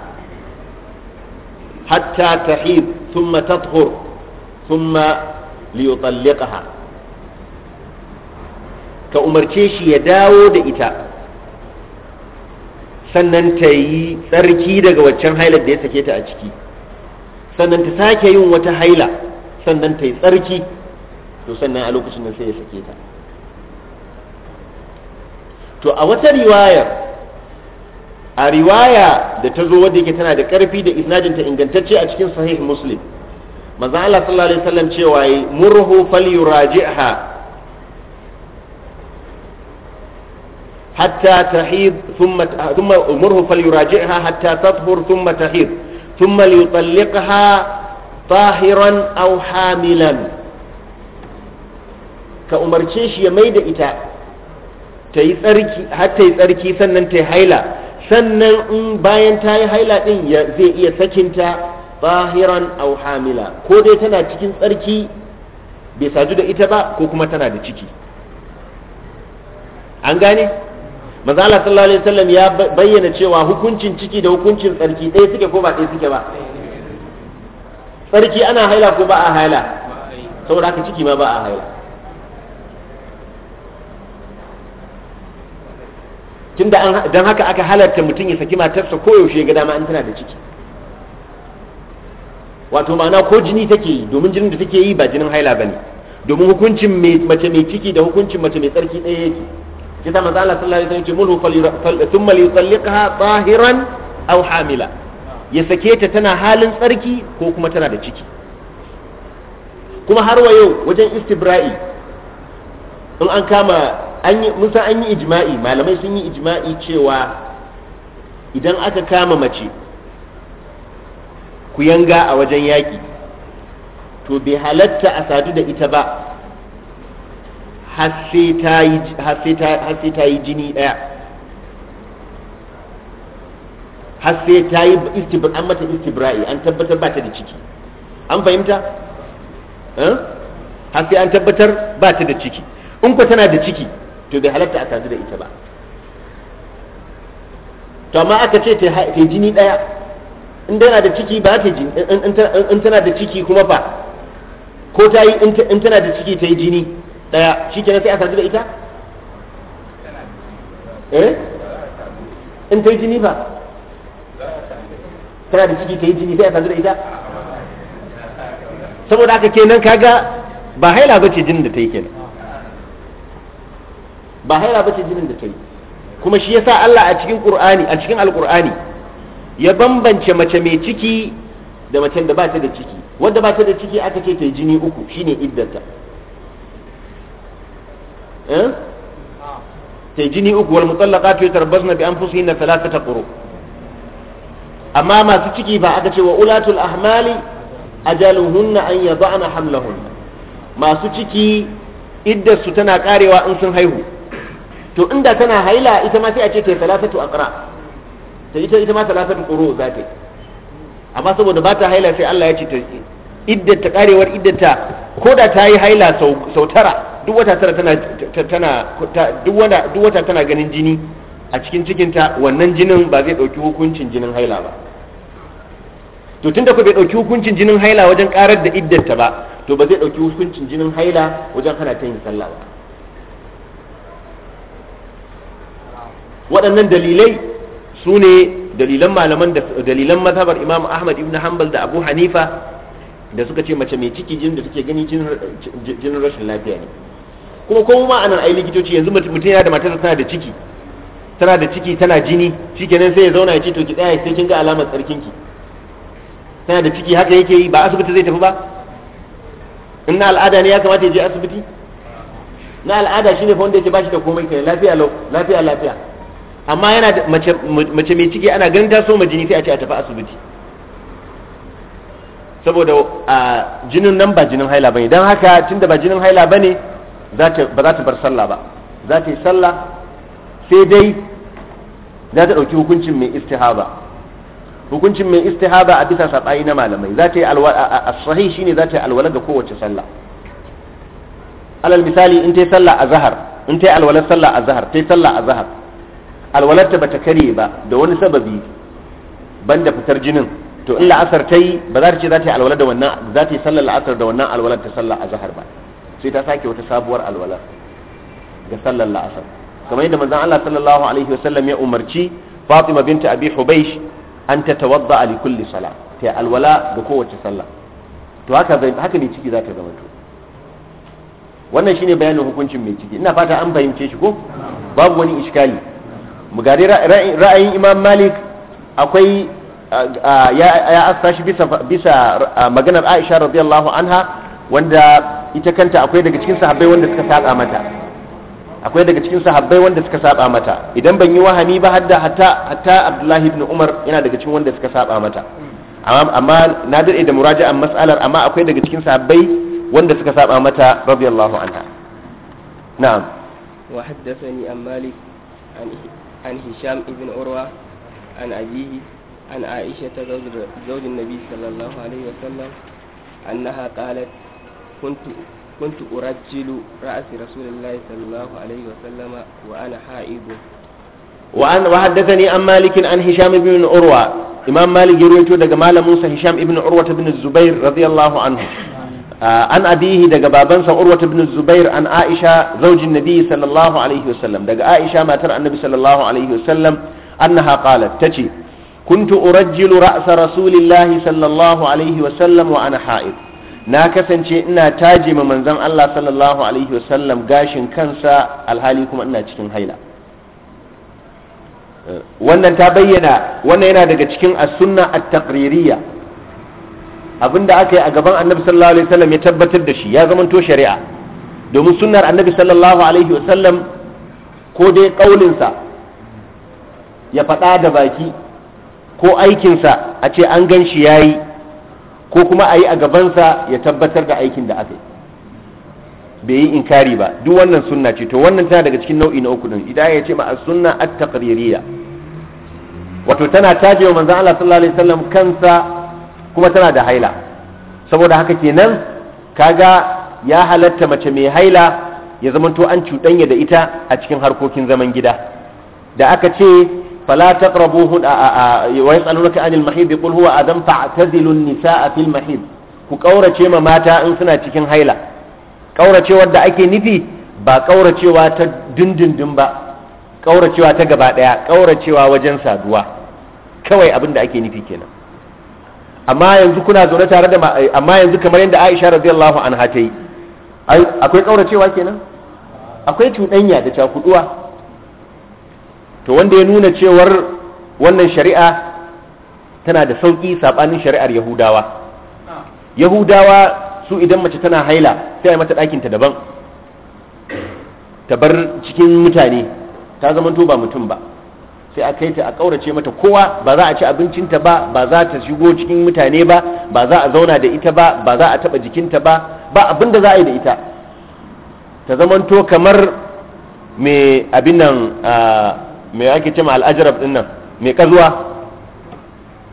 hatta tahid thumma tathur thumma liyutalliqaha ka umarce shi ya dawo da ita sannan ta yi tsarki daga waccan hailar da ya sake ta a ciki sannan ta sake yin wata haila sannan ta yi tsarki to sannan a lokacin nan sai ya sake ta to a wata riwayar a riwaya da ta zo wadda yake tana da ƙarfi da isnadinta ingantacce a cikin sahih muslim manzo Allah sallallahu alaihi wasallam cewa yi murhu falyuraji'ha hatta tahid thumma thumma murhu falyuraji'ha hatta tathhur thumma tahid thumma liyutalliqha tahiran aw hamilan ka umarce shi ya maida ita ta yi tsarki har ta yi tsarki sannan ta yi haila sannan in bayan ta yi haila ɗin zai iya sakinta bahiran au hamila ko dai tana cikin tsarki bai saju da ita ba ko kuma tana da ciki an gane manzo Allah sallallahu alaihi wasallam ya bayyana cewa hukuncin ciki da hukuncin tsarki ɗaya suke ko ba ɗaya suke ba tsarki ana haila ko ba a haila saboda haka ciki ma ba a haila tunda don haka aka halarta mutum ya saki matarsa koyaushe ga dama an tana da ciki wato ma'ana ko jini take yi domin jinin da take yi ba jinin haila bane domin hukuncin mace mai ciki da hukuncin mace mai tsarki ɗaya yake shi ta manzo Allah sallallahu alaihi wasallam ce fal thumma liyusalliqha tahiran aw hamila ya sake ta tana halin tsarki ko kuma tana da ciki kuma har wa yau wajen istibra'i in an kama mun san an yi ijma'i malamai sun yi ijma'i cewa idan aka kama mace ku yanga a wajen yaƙi to bai halatta a sadu da ita ba har sai ta yi jini ɗaya har sai ta yi an mata istibra'i an tabbatar ba ta da ciki an fahimta eh? har sai an tabbatar ba ta da ciki in ku tana da ciki to bai halatta a sadu da ita ba to amma aka ce ta jini ɗaya. in tana da ciki ba ta jini in tana da ciki kuma fa ko ta yi in tana da ciki ta yi jini ɗaya. shi kenan sai a sadu da ita eh in ta yi jini fa tana da ciki ta yi jini sai a sadu da ita saboda aka kenan kaga ba haila bace jinin da ta yi kenan ba haila bace jinin da ta yi kuma shi yasa Allah a cikin Qur'ani a cikin Alqur'ani ya bambance mace mai ciki da macen da ba ta da ciki wadda ba ta da ciki aka ce ta yi jini uku shine iddarta eh ta yi jini uku wal mutallaqatu yatarabbasna bi anfusihinna thalathata quru amma masu ciki ba aka ce wa ulatul ahmali ajaluhunna an yada'na hamlahunna masu ciki iddarsu tana karewa in sun haihu to inda tana haila ita ma sai a ce ta salatatu aqra ta ita ita ma salatatu quru za ta amma saboda ba ta haila sai Allah ya ce ta iddata karewar iddata ko da ta yi haila sau tara duk wata tara tana tana duk wata duk wata tana ganin jini a cikin cikinta wannan jinin ba zai dauki hukuncin jinin haila ba to tunda ku bai dauki hukuncin jinin haila wajen karar da iddata ba to ba zai dauki hukuncin jinin haila wajen hana ta yin sallah ba waɗannan dalilai su ne dalilan malaman dalilan mazhabar imam ahmad ibn hanbal da abu hanifa da suka ce mace mai ciki jin da suke gani jin rashin lafiya ne kuma ko ma anan ai likitoci yanzu mutum yana da matar tana da ciki tana da ciki tana jini nan sai ya zauna ya ce to ki tsaya sai kin ga alamar tsarkin ki tana da ciki haka yake yi ba asibiti zai tafi ba in na al'ada ne ya kamata ya je asibiti na al'ada shine fa wanda yake bashi da komai kai lafiya lau lafiya lafiya amma yana mace mai ciki ana ganin ta so majini sai a ce a tafi asibiti saboda a jinin nan ba jinin haila bane don haka tunda ba jinin haila bane ba za ta bar sallah ba za ta yi sallah sai dai za ta ɗauki hukuncin mai istihaba hukuncin mai istihaba a bisa saɓani na malamai za ta yi a sahi shine za ta yi alwala ga kowace sallah alal misali in ta yi sallah a zahar in ta yi alwalar sallah a zahar ta yi sallah a zahar alwalarta ta kare ba da wani sababi banda fitar jinin to in la'asar ta yi ba za ta ce za ta yi alwalar da wannan za ta yi sallar la'asar da wannan alwalar ta sallar azhar ba sai ta sake wata sabuwar alwalar ga sallar la'asar kamar yadda manzon Allah sallallahu alaihi wasallam ya umarci Fatima binta Abi Hubaysh an ta tawadda li kulli sala ta yi alwala ga kowace sallah to haka haka ne ciki za ta zama to wannan shine bayanin hukuncin mai ciki ina fata an fahimce shi ko babu wani iskali mu gari ra'ayin imam malik akwai ya asta shi bisa maganar aisha radiyallahu anha wanda ita kanta akwai daga cikin sahabbai wanda suka saba mata akwai daga cikin sahabbai wanda suka saba mata idan ban yi wahani ba hadda hatta hatta abdullahi ibn umar yana daga cikin wanda suka saba mata amma na dade da muraja'an mas'alar amma akwai daga cikin sahabbai wanda suka saba mata radiyallahu anha na'am wa haddathani an malik an عن هشام بن عروة عن أبيه عن عائشة زوج النبي صلى الله عليه وسلم أنها قالت كنت كنت أرجل رأس رسول الله صلى الله عليه وسلم وأنا حائض وأن وحدثني عن مالك عن هشام بن عروة إمام مالك يروي daga malamin sa Hisham ibn Urwa ibn Zubair radiyallahu anhu an abihi daga babansa urwata ibn zubair an aisha zaujin nabi sallallahu alaihi wasallam daga aisha matar annabi sallallahu alaihi wasallam annaha qalat tace kuntu urajjilu ra'sa rasulillahi sallallahu alaihi wasallam wa ana ha'id na kasance ina taje ma manzon Allah sallallahu alaihi wasallam gashin kansa alhali kuma ina cikin haila wannan ta bayyana wannan yana daga cikin as-sunna at Abin da aka yi a gaban annabi sallallahu alaihi wasallam ya tabbatar da shi ya to shari'a domin sunnar annabi sallallahu alaihi wasallam ko dai kaulinsa ya faɗa da baki ko aikinsa a ce an gan shi ya yi ko kuma a yi a gabansa ya tabbatar da aikin da aka yi bai yi inkari ba duk wannan sunna ce to wannan tana daga cikin nau'i na uku din idan ya ce ma sunna at-taqririyya wato tana tajewa wa manzon Allah sallallahu alaihi wasallam kansa kuma tana da haila saboda haka kenan kaga ya halatta mace mai haila ya zamanto an cuɗanya da ita a cikin harkokin zaman gida da aka ce fala taqrabuhu wa yasalunaka anil mahid qul huwa adam fa'tazilun nisa nisaa fil mahid ku kaurace ma mata in suna cikin haila kauracewa da ake nufi ba kauracewa ta dindindin ba kauracewa ta gaba daya kauracewa wajen saduwa kawai abin da ake nufi kenan amma yanzu kuna zaune tare da amma yanzu kamar yadda Aisha radiyallahu anha ta yi akwai kauracewa kenan akwai cuɗanya da cakuduwa to wanda ya nuna cewar wannan shari'a tana da sauki sabanin shari'ar Yahudawa Yahudawa su idan mace tana haila sai mata ɗakinta daban ta bar cikin mutane ta to ba mutum ba sai a kai ta a ƙaurace mata kowa ba za a ci abincinta ba ba za ta shigo cikin mutane ba ba za a zauna da ita ba ba za a taɓa jikinta ba ba abin da za a yi da ita ta zamanto kamar mai abin nan me ake ce al'ajarab ɗin nan mai ƙazuwa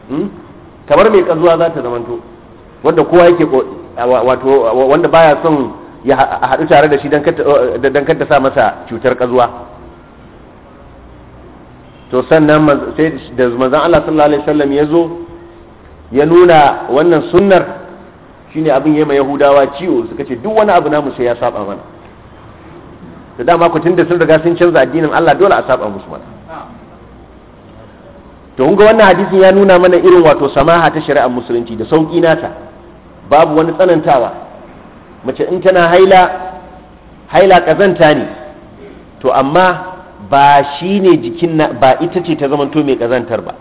hmm? kamar mai ƙazuwa za ta zamanto wanda kowa yake wato wanda baya son ya haɗu tare da shi don kar ta sa masa cutar ƙazuwa to sannan sai da manzon Allah sallallahu alaihi wasallam ya zo ya nuna wannan sunnar shine abin ma yahudawa ciwo suka ce duk wani abu namu sai ya saba mana da dama ku tunda sun riga sun canza addinin Allah dole a saba musu mana to kun ga wannan hadisin ya nuna mana irin wato samaha ta shari'ar musulunci da sauki nata babu wani tsanantawa mace in tana haila haila kazanta ne to amma ba shi ne jikin na ba ita ce ta zamanto mai kazantar ba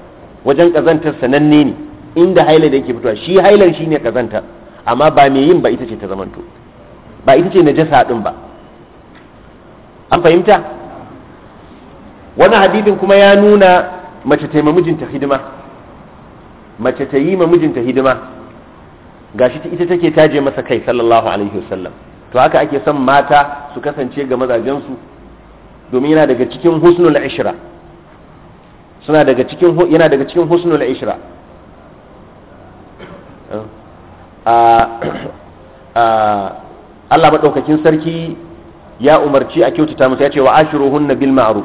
wajen kazantar sananne ne inda haila da yake fitowa shi hailar shi ne kazantar amma ba mai yin ba ita ce ta zamanto ba ita ce najasa din ba an fahimta wani hadithin kuma ya nuna mace ta yi mijinta hidima mace ta yi mijinta hidima gashi ita take taje masa kai sallallahu alaihi wasallam to haka ake son mata su kasance ga mazajensu domin yana daga cikin husnul ishra suna daga cikin yana daga cikin husnul ishra ah, ah, ah, Allah maɗaukakin sarki ya umarci a kyautata musu ya ce wa ashiruhunna bil ma'ruf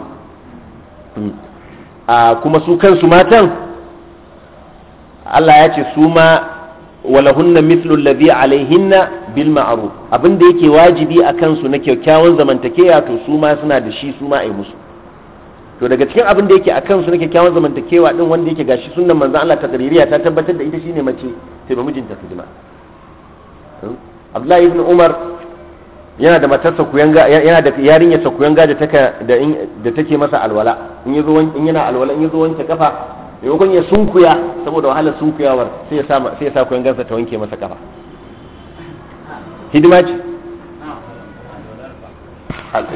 kuma su kansu matan Allah ya ce su ma walahunna mithlu alladhi alaihinna bil ma'ruf abin da yake wajibi a kansu na kyakkyawan zamantakewa to su ma suna da shi su ma a yi musu to daga cikin abin da yake a kansu na kyakkyawan zamantakewa din wanda yake gashi sunnan manzon Allah ta tsaririya ta tabbatar da ita shine mace sai ba mijinta su jima hmm? Abdullahi ibn Umar yana da matarsa kuyanga yana da yarinyarsa kuyanga da take da take masa alwala in yazo in yana alwala in yazo wanke kafa kun ya sunkuya saboda wahalar sunkuyawar sai ya sa sai ya sa kuyangarsa ta wanke masa kafa hidima ce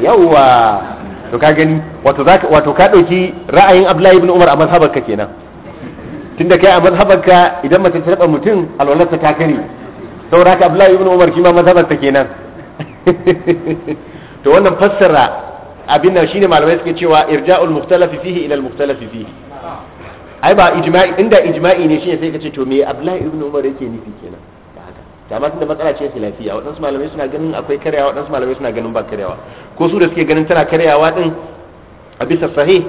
yawwa to ka gani wato ka dauki ra'ayin Abdullahi ibn Umar a mazhabarka kenan tunda kai a mazhabarka idan mace ta taba mutum alwalarsa ta kare saboda raka Abdullahi ibn Umar shi ma mazhabarsa kenan to wannan fassara abin nan shine malamai suke cewa irja'ul muhtalafi fihi ila al-muhtalafi fihi ai ba ijma'i inda ijma'i ne shine sai ka ce to me Abdullahi ibn Umar yake nufi kenan amma tunda matsala ce lafiya waɗansu malamai suna ganin akwai karyawa waɗansu malamai suna ganin ba karyawa ko su da suke ganin tana karyawa din a bisa sahih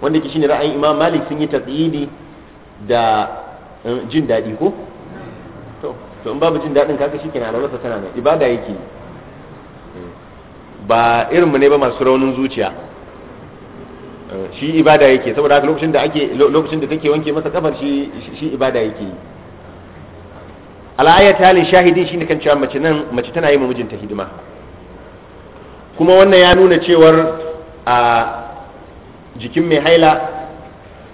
wanda ke shine ra'ayin imam malik sun yi taqyidi da eh, jin daɗi ko to to in babu jin daɗin kaka shi kenan alwalarsa tana nan ibada yake ba irin mu ne ba masu raunin zuciya eh, shi ibada yake saboda haka lokacin da ake lokacin da take wanke masa kafar shi shi ibada yake yi al'ayata shahidin shi ne kan cewa mace nan mace tana yi mijinta hidima kuma wannan ya nuna cewar a jikin mai haila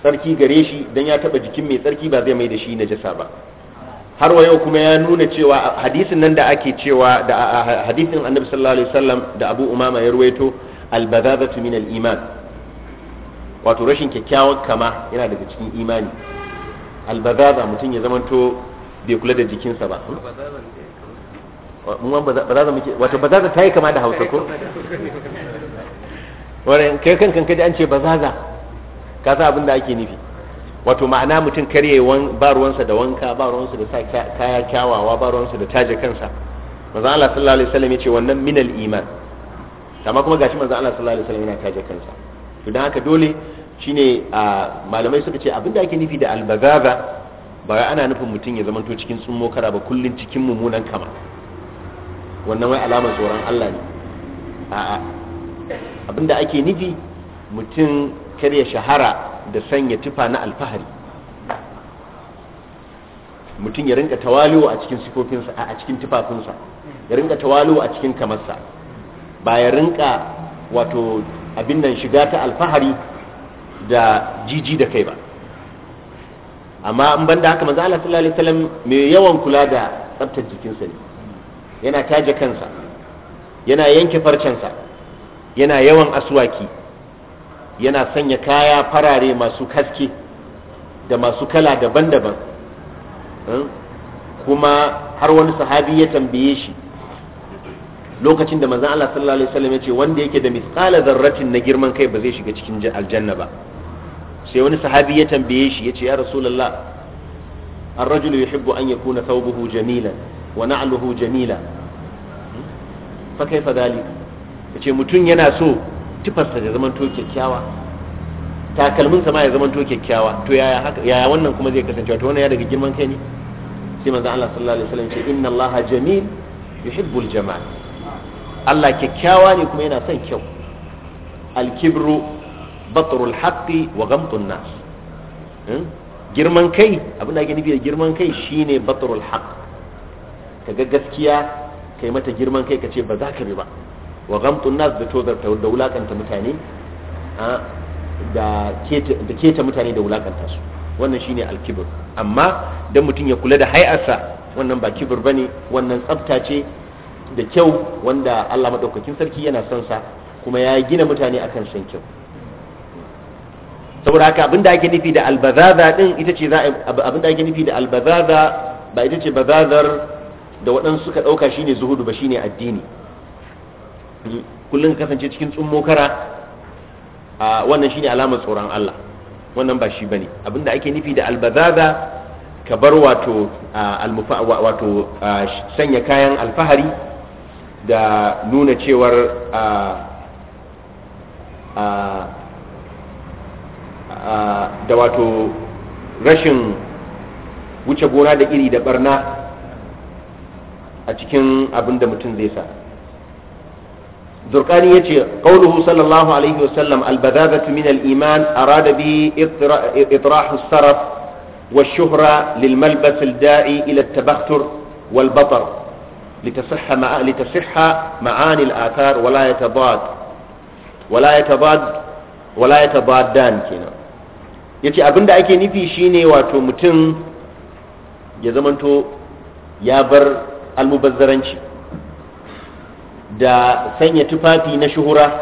tsarki gare shi don ya taba jikin mai tsarki ba zai mai da shi na jasa ba har wa yau kuma ya nuna cewa hadisin nan da ake cewa da hadisin annabi sallallahu alaihi wasallam da abu umama ya ruwaito albazazatu min iman wato rashin kyakkyawan kama yana daga cikin imani albazaza mutum ya zamanto bai kula da jikinsa ba wato ba za ta yi kama da hausa ko wurin kai kan kanka da an ce ba za ka san abin da ake nufi wato ma'ana mutum karye ba ruwansa da wanka ba ruwansa da kaya kyawawa ba ruwansa da taje kansa maza Allah sallallahu alaihi wasallam ce wannan minal iman amma kuma gashi maza Allah sallallahu alaihi wasallam yana taje kansa to dan haka dole shine malamai suka ce abin da ake nufi da albazaza ba ana nufin mutum ya zamanto cikin tsummo kara ba kullum cikin mummunan kama wannan wai alamar tsoron Allah ne a'a abinda ake nufi mutum kar ya shahara da sanya tufa na alfahari mutum ya rinka tawaliwa a cikin sifofinsa a cikin tufafinsa ya rinka tawaliwa a cikin kamarsa ba ya rinka wato abin nan shiga ta alfahari da jiji da kai ba amma in banda haka manzo Allah sallallahu alaihi wasallam mai yawan kula da tsaftar jikinsa ne yana taje kansa yana yanke farcensa yana yawan aswaki yana sanya kaya farare masu kaske da masu kala daban-daban hmm? kuma har wani sahabi ya tambaye shi lokacin da manzo Allah sallallahu alaihi wasallam ya ce wanda yake da misqala zarratin na girman kai ba zai shiga cikin aljanna ba sai wani sahabi ya tambaye shi yace ya rasulullah ar-rajulu yuhibbu an yakuna thawbuhu jamilan wa na'luhu jamila fa kaifa dhalik yace mutum yana so tufarsa ya zama to kyakkyawa takalminsa ma ya zama to kyakkyawa to yaya haka yaya wannan kuma zai kasance to wannan ya daga girman kai ne sai manzo Allah sallallahu alaihi wasallam ce inna Allah jamil yuhibbul jamal Allah kyakkyawa ne kuma yana son kyau al-kibru batrul haqqi wa gamtun nas hmm? girman kai abin da ake nufi da girman kai shine batrul haqq ga gaskiya kai mata girman kai kace ba za ka bi ba wa gamtun nas da ta da wulakanta mutane da keta mutane da wulakanta su wannan shine alkibir amma dan mutum ya kula da hay'arsa wannan ba kibir bane wannan tsafta ce da kyau wanda Allah madaukakin sarki yana son sa kuma ya gina mutane akan san kyau saboda haka abinda ake nufi da albazaza din ita ce abinda ake nufi da albazaza ba ita ce bazazar da waɗansu suka ɗauka shi ne zuhudu ba shi ne addini kullum kasance cikin tsummo kara a wannan ne alamar tsoron Allah wannan ba shi ba bane abinda ake nufi da albazaza ka bar wato wato sanya kayan alfahari da nuna cewar da wato rashin wuce gona da iri da barna a cikin abin da mutum zai sa zurkani ya ce ƙauluhu sallallahu alaihi wasallam albazazatu min al'iman iman arada bi itrahu saraf wa shuhra lil malbas dai ila tabakhtur wal batar litasihha ma'a litasihha ma'ani al-athar wa la yataḍad wa la kenan ya yace da ake nufi shine wato mutum ya zamanto ya bar almubazzaranci da sanya tufafi na shuhura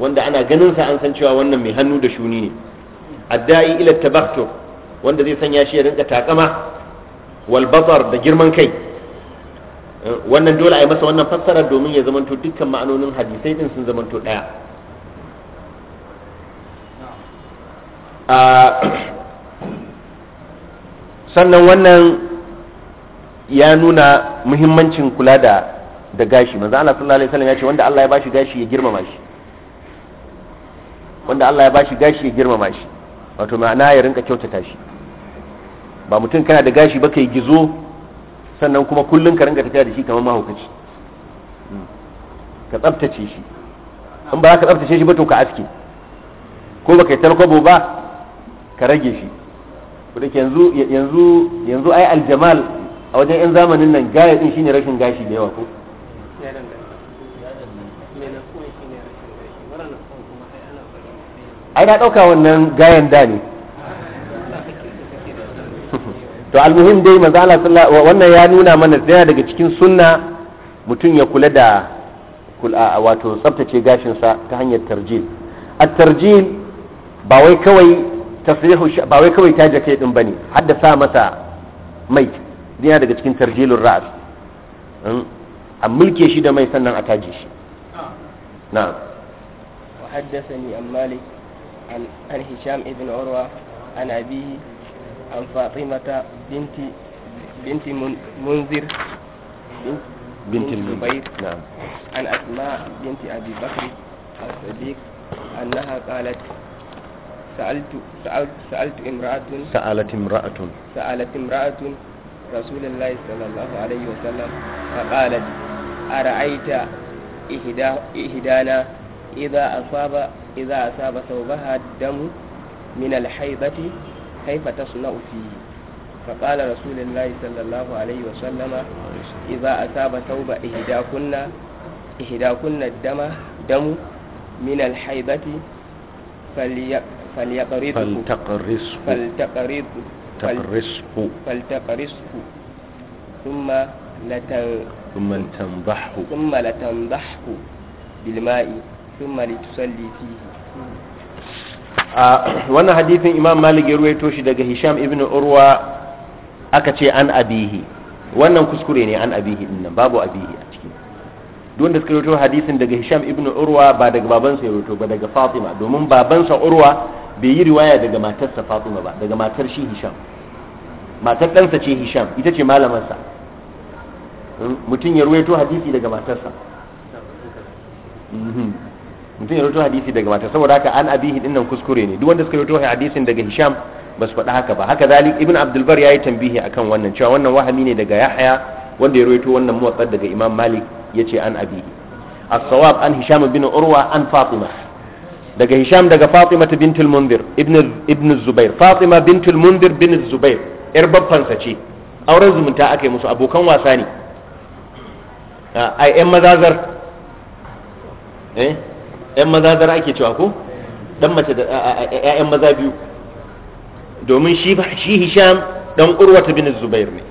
wanda ana ganin sa an san cewa wannan mai hannu da shuni ne addai ila tabaktur wanda zai sanya shi ya rinka takama wal da girman kai wannan dole a yi masa wannan fassara domin ya zamanto dukkan ma'anonin hadisai din sun zamanto daya sannan wannan ya nuna muhimmancin kula da da gashi manzo Allah sallallahu alaihi wasallam ya ce wanda Allah ya bashi gashi ya girmama shi wanda Allah ya bashi gashi ya girmama shi wato ma'ana ya rinka kyautata shi ba mutum kana da gashi ba kai gizo sannan kuma kullun ka rinka tafiya da shi kamar mahaukaci ka tsaftace shi in ba ka tsaftace shi ba to ka aske ko ba kai talkobo ba ka rage shi kudik yanzu yanzu yanzu ai aljamal a wajen yan zamanin nan gaya din shine rashin gashi da yawa ko ai na dauka wannan gayan da ne to almuhim dai manzo wannan ya nuna mana daya daga cikin sunna mutum ya kula da wato tsaftace gashin sa ta hanyar tarjil at-tarjil ba wai kawai tasrihu ba wai kawai taje kai din bane har da sa masa mai yana daga cikin tarjilur ra's hmm? a mulke shi da mai sannan a taje shi na'am wa haddathani an malik an an hisham ibn urwa an abihi an fatimata binti binti munzir بنت الزبير an Asma, Binti بنت أبي بكر الصديق أنها قالت سألت سألت سألت امرأة سألت امرأة سألت امرأة رسول الله صلى الله عليه وسلم فقالت أرأيت إهدا إهدانا إذا أصاب إذا أصاب ثوبها الدم من الحيضة كيف تصنع فيه فقال رسول الله صلى الله عليه وسلم إذا أصاب ثوب إهداكن إهداكن الدم دم من الحيضة فليأ فليقرصه فلتقرصه فلتقرصه فلتقرصه ثم لتن ثم لتنضحه ثم لتنضحه بالماء ثم لتصلي فيه wannan hadithin imam malik ya ruwaito shi daga hisham ibn urwa aka ce an abihi wannan kuskure ne an abihi dinnan babu abihi a ciki duk da suka ruwaito hadithin daga hisham ibn urwa ba daga babansa ya ruwaito ba daga fatima domin babansa urwa bai yi riwaya daga matarsa Fatima ba daga matar shi Hisham matar ɗansa ce Hisham ita ce malamansa hmm? mutum ya ruwaito hadisi daga matarsa mhm. mutum ya ruwaito hadisi daga matarsa saboda haka an abihi din nan kuskure ne duk wanda suka ruwaito hadisin daga Hisham ba su faɗa haka ba haka zalik ibn Abdul Bar yayi tambihi akan wannan cewa wannan wahami ne daga Yahya wanda ya ruwaito wannan muwatta daga Imam Malik yace an abihi as-sawab an Hisham bin Urwa an Fatima daga hisham daga fatima bintul mundir ibn zubair fatima bintul mundir bin zubair yar babbansa ce auren zumunta aka yi musu abokan wasa ne a ah, yan mazazar eh yan mazazar ake cewa ko dan mace da ƴaƴan ah, ah, maza biyu domin shi shi hisham dan urwata bin zubair ne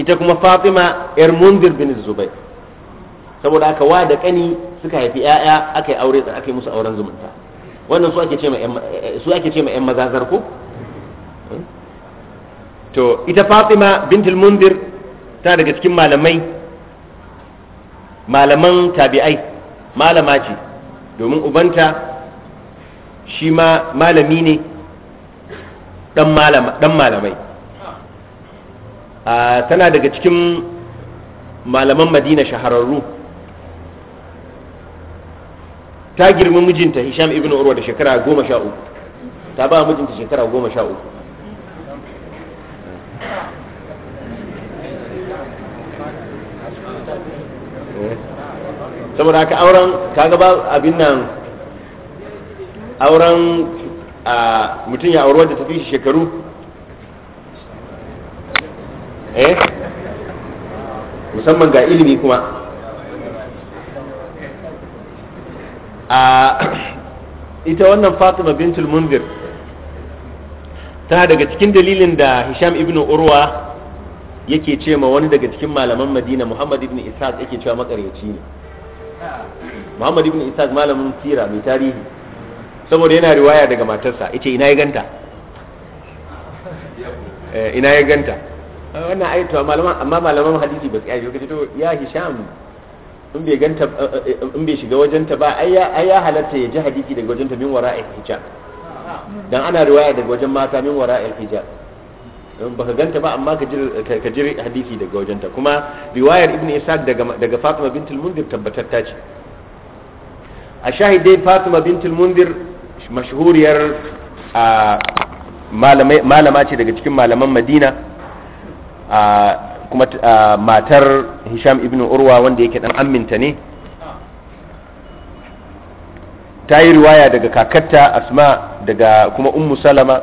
ita kuma fatima yar mundir bin zubair saboda haka wa da kani suka haifi yaya aka yi aure aka yi musu auren zumunta wannan su ake ce ma su yan mazazar ko to ita Fatima bintul Mundir ta daga cikin malamai malaman tabi'ai malama ce domin ubanta shi ma malami ne dan malamai ah, tana daga cikin malaman madina shahararru ta girma mijinta hisham ibn urwa da shekara goma sha uku ta ba mijinta shekara goma sha uku eh. saboda haka auren ga ba abin nan auren a mutum ya aurewa da ta fi shekaru eh musamman ga ilimi kuma a ita wannan fatima bintul munzir tana daga cikin dalilin da hisham ibn urwa yake ce ma wani daga cikin malaman madina muhammad ibn ishaq yake cewa makaryaci ne muhammad ibn ishaq malamin sira mai tarihi saboda yana riwaya daga matarsa yace ina ya ganta eh, ina ya ganta wannan ayatu amma malaman hadisi ba su yi to ya hisham in bai ganta in bai shiga wajenta ba ai ya halatta ya ji hadisi daga wajenta min wara'il hijab dan ana riwaya daga wajen mata min wara'il hijab baka ganta ba amma ka ji hadisi daga wajenta kuma riwayar ibn ishaq daga daga fatima bintul mundir ta ce a shahidai fatima bintul mundir mashhuriyar malama ce daga cikin malaman madina kuma ah, matar hisham ibn urwa wanda yake dan aminta ne ta yi riwaya daga kakarta asma daga kuma ummu salama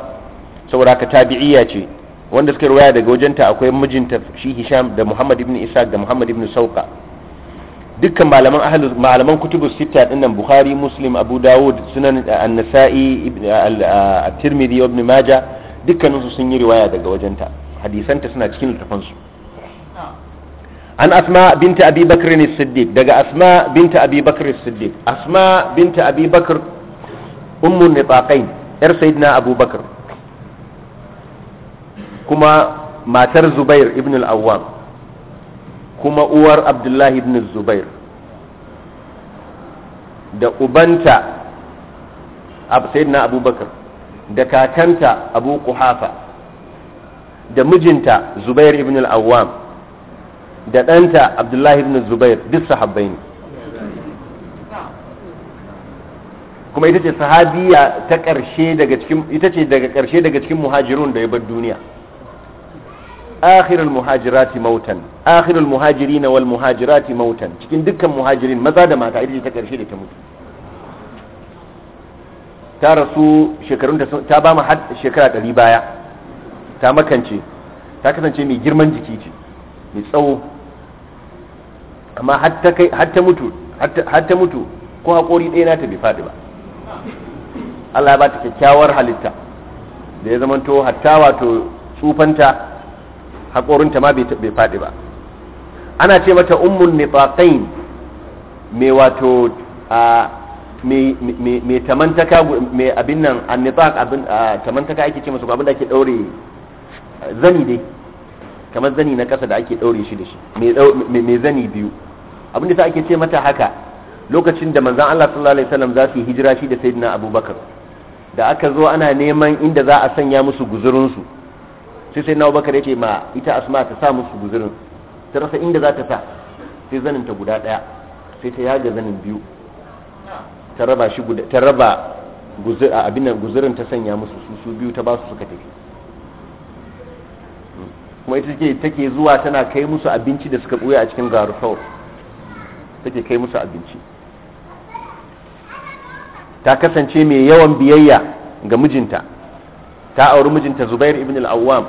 saboda haka tabi'iyya ce wanda suka riwaya daga wajenta akwai mijinta shi hisham da muhammad ibn isa da muhammad ibn sauka dukkan malaman ahlu malaman kutubus sita dinnan bukhari muslim abu dawud sunan ah, an-nasa'i ah, at-tirmidhi ibn majah dukkaninsu sun yi riwaya daga wajenta hadisanta suna cikin littafansu an asma binta abi bakr siddiq daga asma binta abi bakr siddiq asma binta abi bakr ummun nitaqain yar sayyidina abubakar kuma matar zubair ibn al-awwam kuma uwar abdullahi ibn zubair da ubanta sayyidina abubakar da kakanta abu kuhafa da mijinta zubair ibn al-awwam da ɗanta abdullahi ibn zubair duk sahabbai ne kuma ita ce sahabiya ta ƙarshe daga cikin ita ce daga ƙarshe daga cikin muhajirun da ya bar duniya akhirul muhajirati mautan akhirul muhajirina wal muhajirati mautan cikin dukkan muhajirin maza da mata ita ce ta ƙarshe da ta mutu ta rasu shekarun da ta ba mu shekara ɗari baya ta makance ta kasance mai girman jiki ce mai tsawo amma hatta mutu mutu ko haƙori ɗaya na ta bai faɗi ba Allah ya ba ta kyakkyawar halitta da ya zamanto hatta wato tsufanta haƙorinta ma bai faɗi ba ana ce mata mai nifaqain mai wato a mai tamantaka mai abin nan a nifaq abin tamantaka ake ce masu abin da ake daure zani dai kamar zani na ƙasa da ake ɗaure shi da shi mai zani biyu abin da ake ce mata haka lokacin da manzan Allah sallallahu alaihi wasallam za su yi hijira shi da sayyidina Abubakar da aka zo ana neman inda za a sanya musu guzurin su sai sayyidina Abubakar ya ce ma ita Asma ta sa musu guzurin ta rasa inda za ta sa sai zanin ta guda ɗaya sai ta yaga zanin biyu ta raba shi guda ta raba guzurin ta sanya musu su su biyu ta ba su suka tafi kuma ita take take zuwa tana kai musu abinci da suka buya a cikin garufau take kai musu abinci ta kasance mai yawan biyayya ga mijinta ta auri mijinta Zubair ibn al-Awwam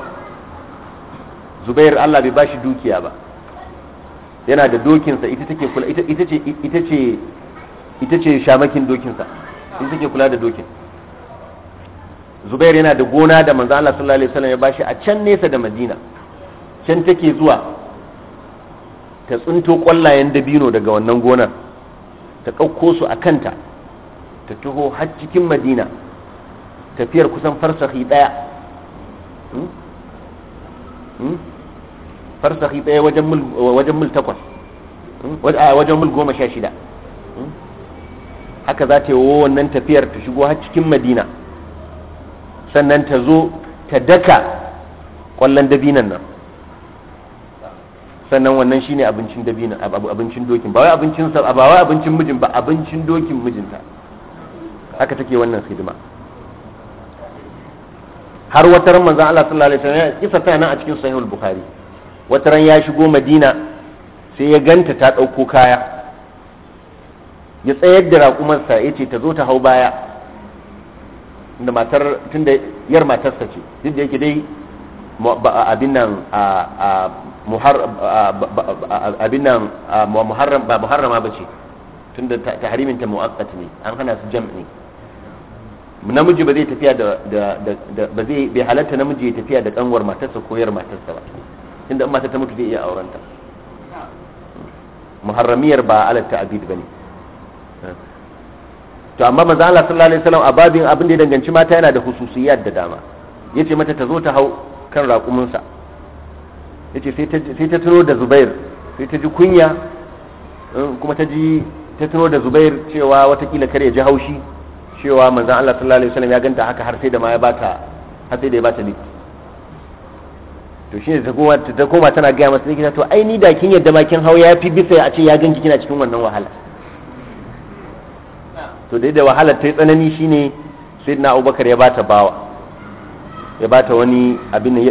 Zubair Allah bai bashi dukiya ba yana da dokinsa ita take kula ita ita ce ita ce ita ce shamakin dokinsa ita take kula da dokin Zubair yana da gona da manzo Allah sallallahu alaihi wasallam ya bashi a can nesa da Madina can take zuwa ta tsinto ƙwallayen dabino daga wannan gonar ta ɗauko su a kanta ta taho har cikin madina tafiyar kusan farsahi ɗaya hmm? Hmm? farsahi ɗaya wajen mil takwas hmm? wajen mil goma sha shida haka za ta yi wannan tafiyar ta shigo har cikin madina sannan ta zo ta daka ƙwallon dabinan nan sannan wannan shine abincin dabinin abincin dokin ba wai abincin sa ba wai abincin mijin ba abincin dokin mijinta haka take wannan hidima har wata ran manzon Allah sallallahu alaihi wasallam kisa ta nan a cikin sahihul bukhari wataran ya shigo madina sai ya ganta ta dauko kaya ya tsayar da raƙumarsa ya ce ta zo ta hau baya da matar tunda yar matarsa ce duk da yake dai abin nan abin nan muharram ba muharrama ba ce tunda tahrimin ta mu'akkat ne an hana su jam'i namiji ba zai tafiya da ba zai bai halatta namiji ya tafiya da kanwar matarsa ko yar matarsa ba tunda in mata ta mutu zai iya aurenta muharramiyar ba alal ta'bid bane to amma manzo Allah sallallahu alaihi wasallam a babin abin da ya danganci mata yana da hususiyat da dama yace mata ta zo ta hau kan raƙuminsa ya ce sai ta tuno da zubair sai ta ji kunya eh, kuma ta ji ta tuno da zubair cewa watakila kar ya ji haushi cewa manzan Allah sallallahu alaihi wasallam ya ganta haka har sai da ma ya bata har sai da ya bata liki to shine ta ta koma tana gaya masa likita to ai ni da kin yadda ma kin hau ya fi bisa a ce ya ganki kina cikin wannan wahala to dai da wahalar ta yi tsanani shine sayyidina Abubakar ya bata bawa ya bata wani abin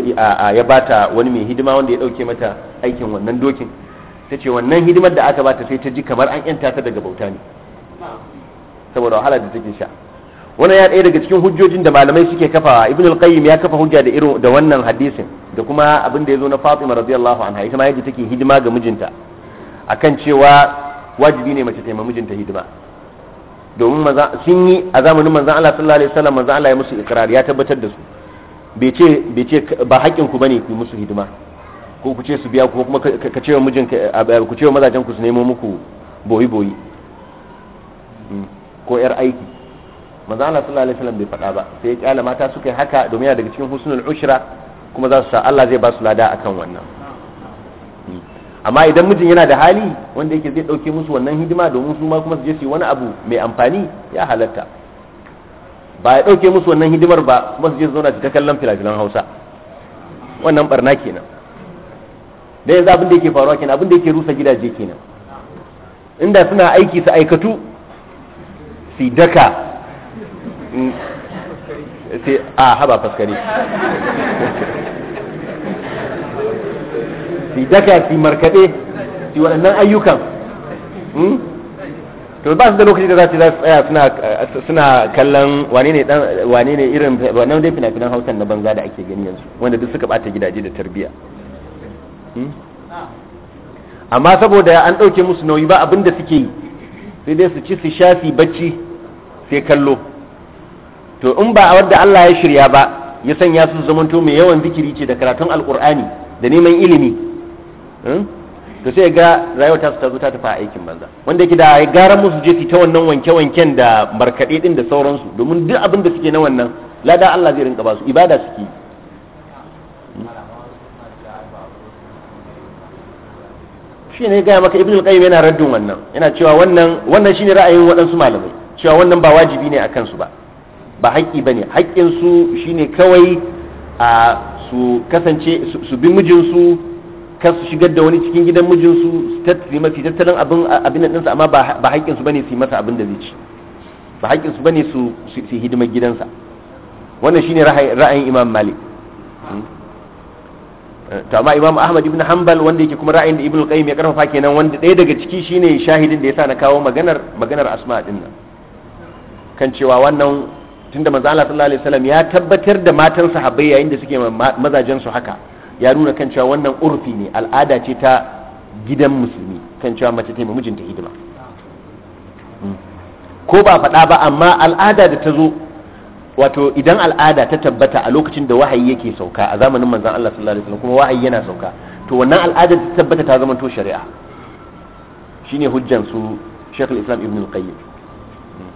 ya bata wani mai hidima wanda ya dauke mata aikin wannan dokin ta ce wannan hidimar da aka bata sai ta ji kamar an yanta ta daga bauta ne saboda wahala da take sha wannan ya ɗaya daga cikin hujjojin da malamai suke kafawa ibn al-qayyim ya kafa hujja da irin da wannan hadisin da kuma abin da ya zo na fatima radiyallahu anha ita ma yadda take hidima ga mijinta akan cewa wajibi ne mace ta mijinta hidima domin sun yi a zamanin manzan Allah sallallahu alaihi wasallam manzan Allah ya musu ikrar ya tabbatar da su bai ce ba haƙƙin ku bane ku musu hidima ko ku ce su biya ko kuma ka ce wa mijin ku ce mazajen ku su nemo muku boyi boyi hmm. ko yar aiki manzo Allah sallallahu alaihi wasallam bai faɗa ba sai ya kyala mata su kai haka domin yana daga cikin husnul ushra kuma za su sa Allah zai ba su lada akan wannan hmm. amma idan mijin yana da hali wanda yake zai dauke musu wannan hidima domin su ma kuma su je su yi wani abu mai amfani ya halatta ba ya ɗauke musu wannan hidimar ba kuma su je su zauna su ta kallon filafilan hausa wannan barna kenan da yanzu abin da yake faruwa kenan abin da yake rusa gidaje kenan inda suna aiki su aikatu su daka mm, sai a haba faskare su daka su markaɗe su waɗannan ayyukan mm? to ba su da lokaci da za su za su tsaya suna suna kallon wane ne dan wane ne irin wannan dai fina-finan Hausa na banza da ake gani yanzu wanda duk suka bata gidaje da tarbiya hmm? amma saboda an dauke musu nauyi ba abin da suke yi sai dai su ci su sha su bacci sai kallo to in ba wadda Allah ya shirya ba ya sanya su zamanto mai yawan zikiri ce da karatun alkur'ani da neman ilimi hmm? to sai ga rayuwar ta ta zo ta tafi a aikin banza wanda yake da gara musu je su ta wannan wanke wanken da markaɗe din da sauransu domin duk abin da suke na wannan lada Allah zai rinka ba su ibada suke shi ne gaya maka ibn al-qayyim yana raddin wannan yana cewa wannan wannan shine ra'ayin waɗansu malamai cewa wannan ba wajibi ne akan su ba ba haƙƙi bane haƙƙin su shine kawai a su kasance su bi mijinsu kan su shigar da wani cikin gidan mijinsu su yi mafi tattalin abin abin nan amma ba haƙƙin su bane su yi masa abin da zai ci ba haƙƙin su bane su su hidimar gidansa wannan shine ra'ayin Imam Malik hmm? eh, to amma Imam Ahmad ibn Hanbal wanda yake kuma ra'ayin da Ibn Qayyim ya karfafa kenan wanda ɗaya daga ciki shine shahidin da yasa na kawo maganar maganar Asma din nan kan cewa wannan tunda manzo Allah sallallahu alaihi wasallam ya tabbatar da matan sahabbai yayin da suke mazajen su haka ya nuna kan cewa wannan urfi ne al'ada ce ta gidan musulmi kan cewa mace ta mijinta hidima hmm. ko ba faɗa ba amma al'ada da ta zo wato idan al'ada ta tabbata a lokacin da wahayi yake sauka a zamanin manzan Allah sallallahu alaihi wasallam kuma wahayi yana sauka to wannan al'ada ta tabbata ta zama to shari'a shine hujjan su Sheikh islam Ibn al-Qayyim hmm.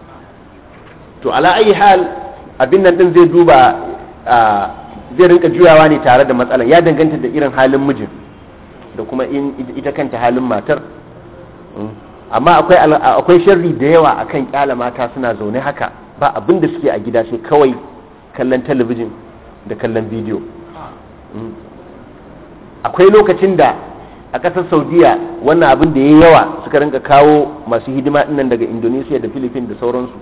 to ala ayi hal abin nan din zai duba ah, zai rinka juyawa ne tare da matsalan ya danganta da irin halin mijin da kuma ita kanta halin matar mm. amma akwai akwai sharri da yawa a kan kyala mata suna zaune haka ba abin da suke a gida sai kawai kallon talabijin da kallon bidiyo mm. akwai lokacin da a ƙasar saudiya wannan abin da ya yi yawa suka rinka kawo masu hidima nan daga indonesia da philippines da sauransu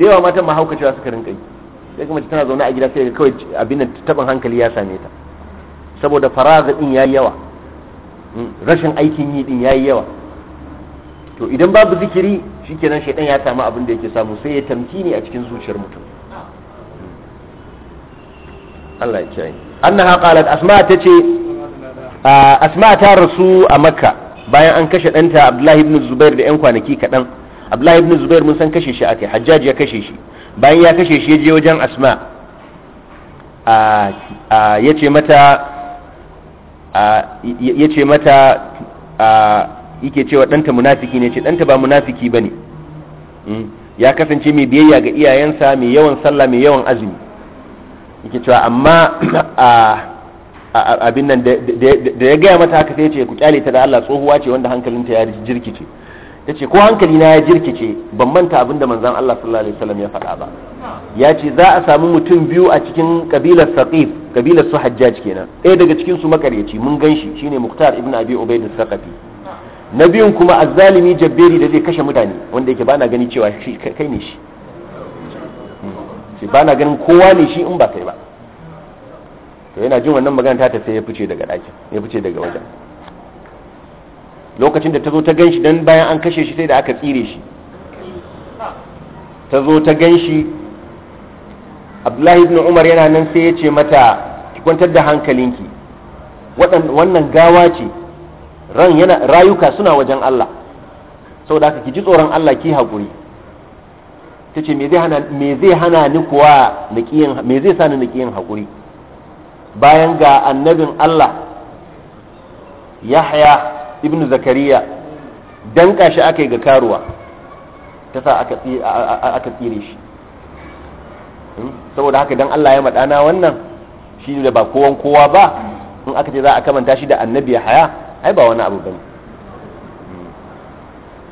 da yawa matan mahaukacewa suka rinka yi sai kuma tana zaune a gida sai kawai abin nan taɓin hankali ya same ta saboda faraza din yayi yawa hmm, rashin aikin yi din yayi yawa to idan babu zikiri shikenan shaidan ya samu abin da yake samu sai ya tamkini a cikin zuciyar mutum Allah ya kiyaye annaha qalat asma ta ce asma ta rasu a makka bayan an kashe danta abdullahi ibn zubair da yan kwanaki kadan abdullahi ibn zubair mun san kashe shi ake hajjaji ya kashe shi bayan ya kashe shi ya je wajen asma ya ce mata ya ce mata yake cewa ɗanta munafiki ne ce ɗanta ba munafiki ba ne hmm? ya kasance mai biyayya ga iyayensa mai yawan sallah mai yawan azumi yake cewa amma abin nan da ya gaya mata haka sai ce ku kyale ta da Allah tsohuwa ce wanda hankalinta ya jirkice ta ce ko hankali na ya jirkice ban manta abin da manzan Allah sallallahu alaihi wasallam ya faɗa ba ya ce za a samu mutum biyu a cikin kabilar saqif kabilar su hajjaj kenan ɗaya daga cikin su makaryaci mun gan shi shine muktar ibn abi ubaid saqafi na biyun kuma azzalimi jabberi da zai kashe mutane wanda yake bana gani cewa shi kai ne shi hmm. bana ganin kowa ne shi in ba kai ba to yana jin wannan magana ta ta sai ya fice daga ɗakin ya fice daga wajen lokacin da ta zo ta gan shi don bayan an kashe shi sai da aka tsire shi ta zo ta gan shi abdullahi ibn umar yana nan sai ya ce mata ki kwantar da hankalinki wannan gawa ce ran yana rayuka suna wajen Allah saboda haka ki ji tsoron Allah ki haƙuri ta ce me zai hana ni kuwa me zai sa ni na haƙuri bayan ga annabin Allah yahya ibnu zakariya danka shi aka yi ga karuwa ta sa aka tsire shi hmm? saboda haka dan Allah ya madana wannan shi da ba kowan kowa ba in aka ce za a kamanta shi da annabi haya ai ba wani abu bane hmm.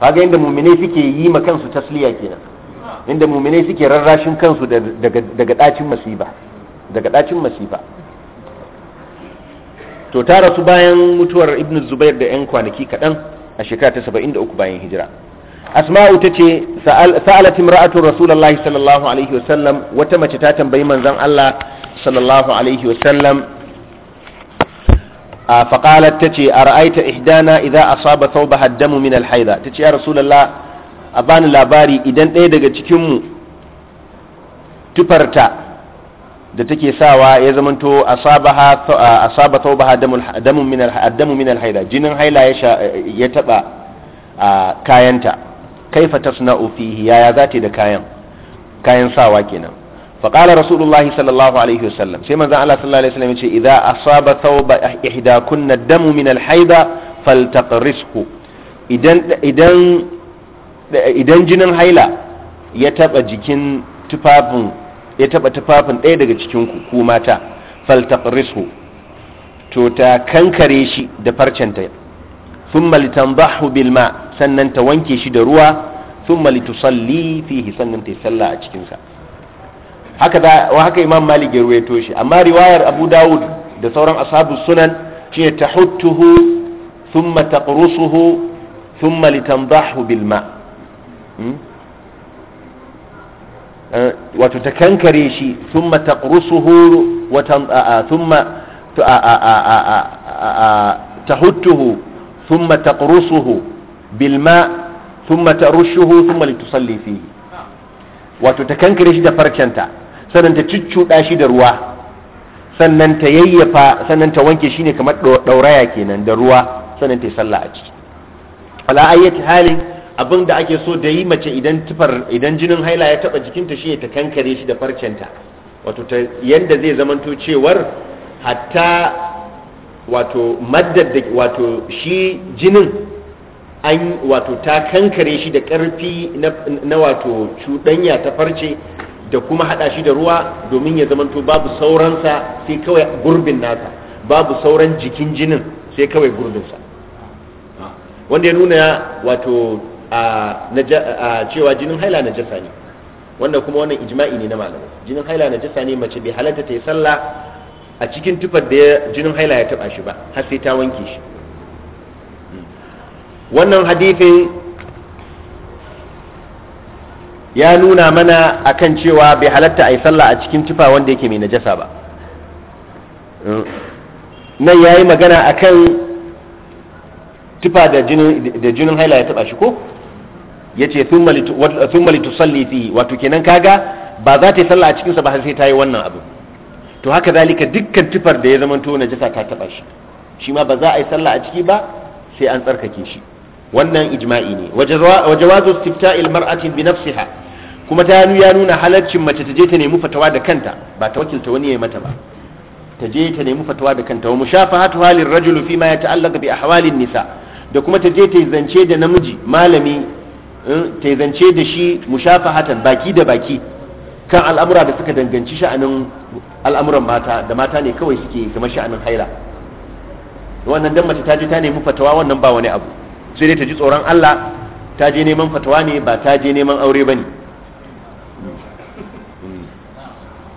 kaga inda muminai suke yi ma kansu tasliya kenan inda muminai suke rarrashin kansu daga dacin masifa daga dacin masifa to ta rasu bayan mutuwar ibn zubair da 'yan kwanaki kaɗan a shekara ta 73 bayan hijira asma'u ta ce sa'alat imra'atu rasulullahi sallallahu alaihi sallam wata mace ta tambayi manzon Allah sallallahu alaihi sallam fa qalat ta ce a ara'aita ihdana idza asaba thawba haddamu min al-haida ta ce ya rasulullah a bani labari idan ɗaya daga cikin mu tufarta da take sawa ya zamanto asabaha asaba taubaha damun min al-damu min al jinin haila ya ya taba kayanta kaifa tasna'u fihi ya zata da kayan kayan sawa kenan fa qala rasulullah sallallahu alaihi wasallam sai manzon Allah sallallahu alaihi wasallam yace idza asaba tauba ihdakunna damu min al-haida faltaqrishu idan idan idan jinin haila ya taba jikin tufafin ya taɓa tufafin ɗaya daga cikin ku mata faltaqrisu to ta kankare shi da farcenta thumma litandahu bil ma sannan ta wanke shi da ruwa thumma litusalli fihi sannan ta salla a cikin sa haka da wa haka imam malik ya ruwaito shi amma riwayar abu daud da sauran ashabu sunan shine tahuttuhu thumma taqrusuhu thumma litandahu bil ma hmm? Eh, wato ta kankare shi sun thumma taqrusuhu ta thumma sun thumma taqrusuhu bilma sun thumma tarushuhu sun litusalli fihi wato ta kankare shi da farcenta sannan ta cuccuda shi da ruwa sannan ta yayyafa sannan ta wanke shi ne kamar dauraya kenan da ruwa sannan ta yi sallah a ciki ala ayyati halin abin da ake so da yi mace idan tufar idan jinin haila ya taba jikinta shi ta kankare shi da farcenta wato ta yanda zai zamanto cewar hatta wato maddar da wato shi jinin an wato ta kankare shi da karfi na, na wato cuɗanya ta farce da kuma hada shi da ruwa domin ya zamanto babu sauransa sai kawai gurbin nasa babu sauran jikin jinin sai kawai gurbinsa wanda ya nuna wato a cewa jinin haila na jasa ne wanda kuma wannan ijma'i ne na malamai jinin haila na jasa ne mace bai halatta ta yi sallah a cikin tufar da jinin haila ya taba shi ba har sai ta wanke shi wannan hadithin ya nuna mana akan cewa bai halatta a yi sallah a cikin tufa wanda yake mai najasa ba nan ya yi magana akan tufa da jinin haila ya taba shi ko yace ce litusalli fihi wato kenan kaga ba za ta yi sallah a cikin sa ba har sai ta yi wannan abu to haka zalika dukkan tufar da ya zamanto najasa ta taba shi shi ma ba za a yi sallah a ciki ba sai an tsarkake shi wannan ijma'i ne wa jawazu ilmar mar'ati bi nafsiha kuma ta ya nuna halaccin mace ta je ta nemi fatawa da kanta ba ta wakilta wani ya mata ba ta je ta nemi fatawa da kanta wa mushafahatu halir rajulu fi ma yata'allaqu bi ahwalin nisa da kuma ta je ta zance da namiji malami ta zance da shi mushafahatan baki da baki kan al'amura da suka danganci sha'anin al'amuran mata da mata ne kawai suke kamar sha'anin haila wannan dan mace ta je ta nemi fatawa wannan ba wani abu sai dai ta ji tsoron Allah ta je neman fatawa ne ba ta je neman aure bane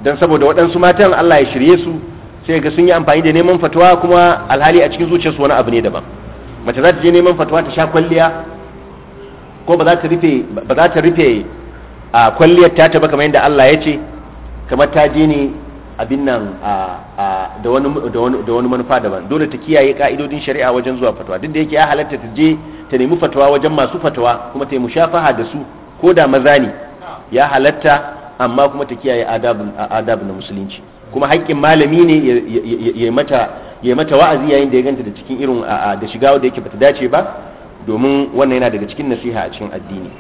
dan saboda waɗansu matan Allah ya shirye su sai ga sun yi amfani da neman fatawa kuma alhali a cikin zuciyarsu wani abu ne daban mace za ta je neman fatawa ta sha kwalliya ko ba za ta rufe a kwalliyar ta ba kamar yadda Allah ya ce kamar ta je ne abin nan da wani manufa daban dole ta kiyaye ka'idodin shari'a wajen zuwa fatawa duk da yake ya halatta ta je ta nemi fatawa wajen masu fatawa kuma ta yi mushafaha da su ko da maza ne ya halatta amma kuma ta kiyaye adabun na musulunci kuma haƙƙin malami ne ya mata wa'azi yayin da ya ganta da cikin irin da shiga da yake bata dace ba domin wannan yana daga cikin nasiha a cikin addini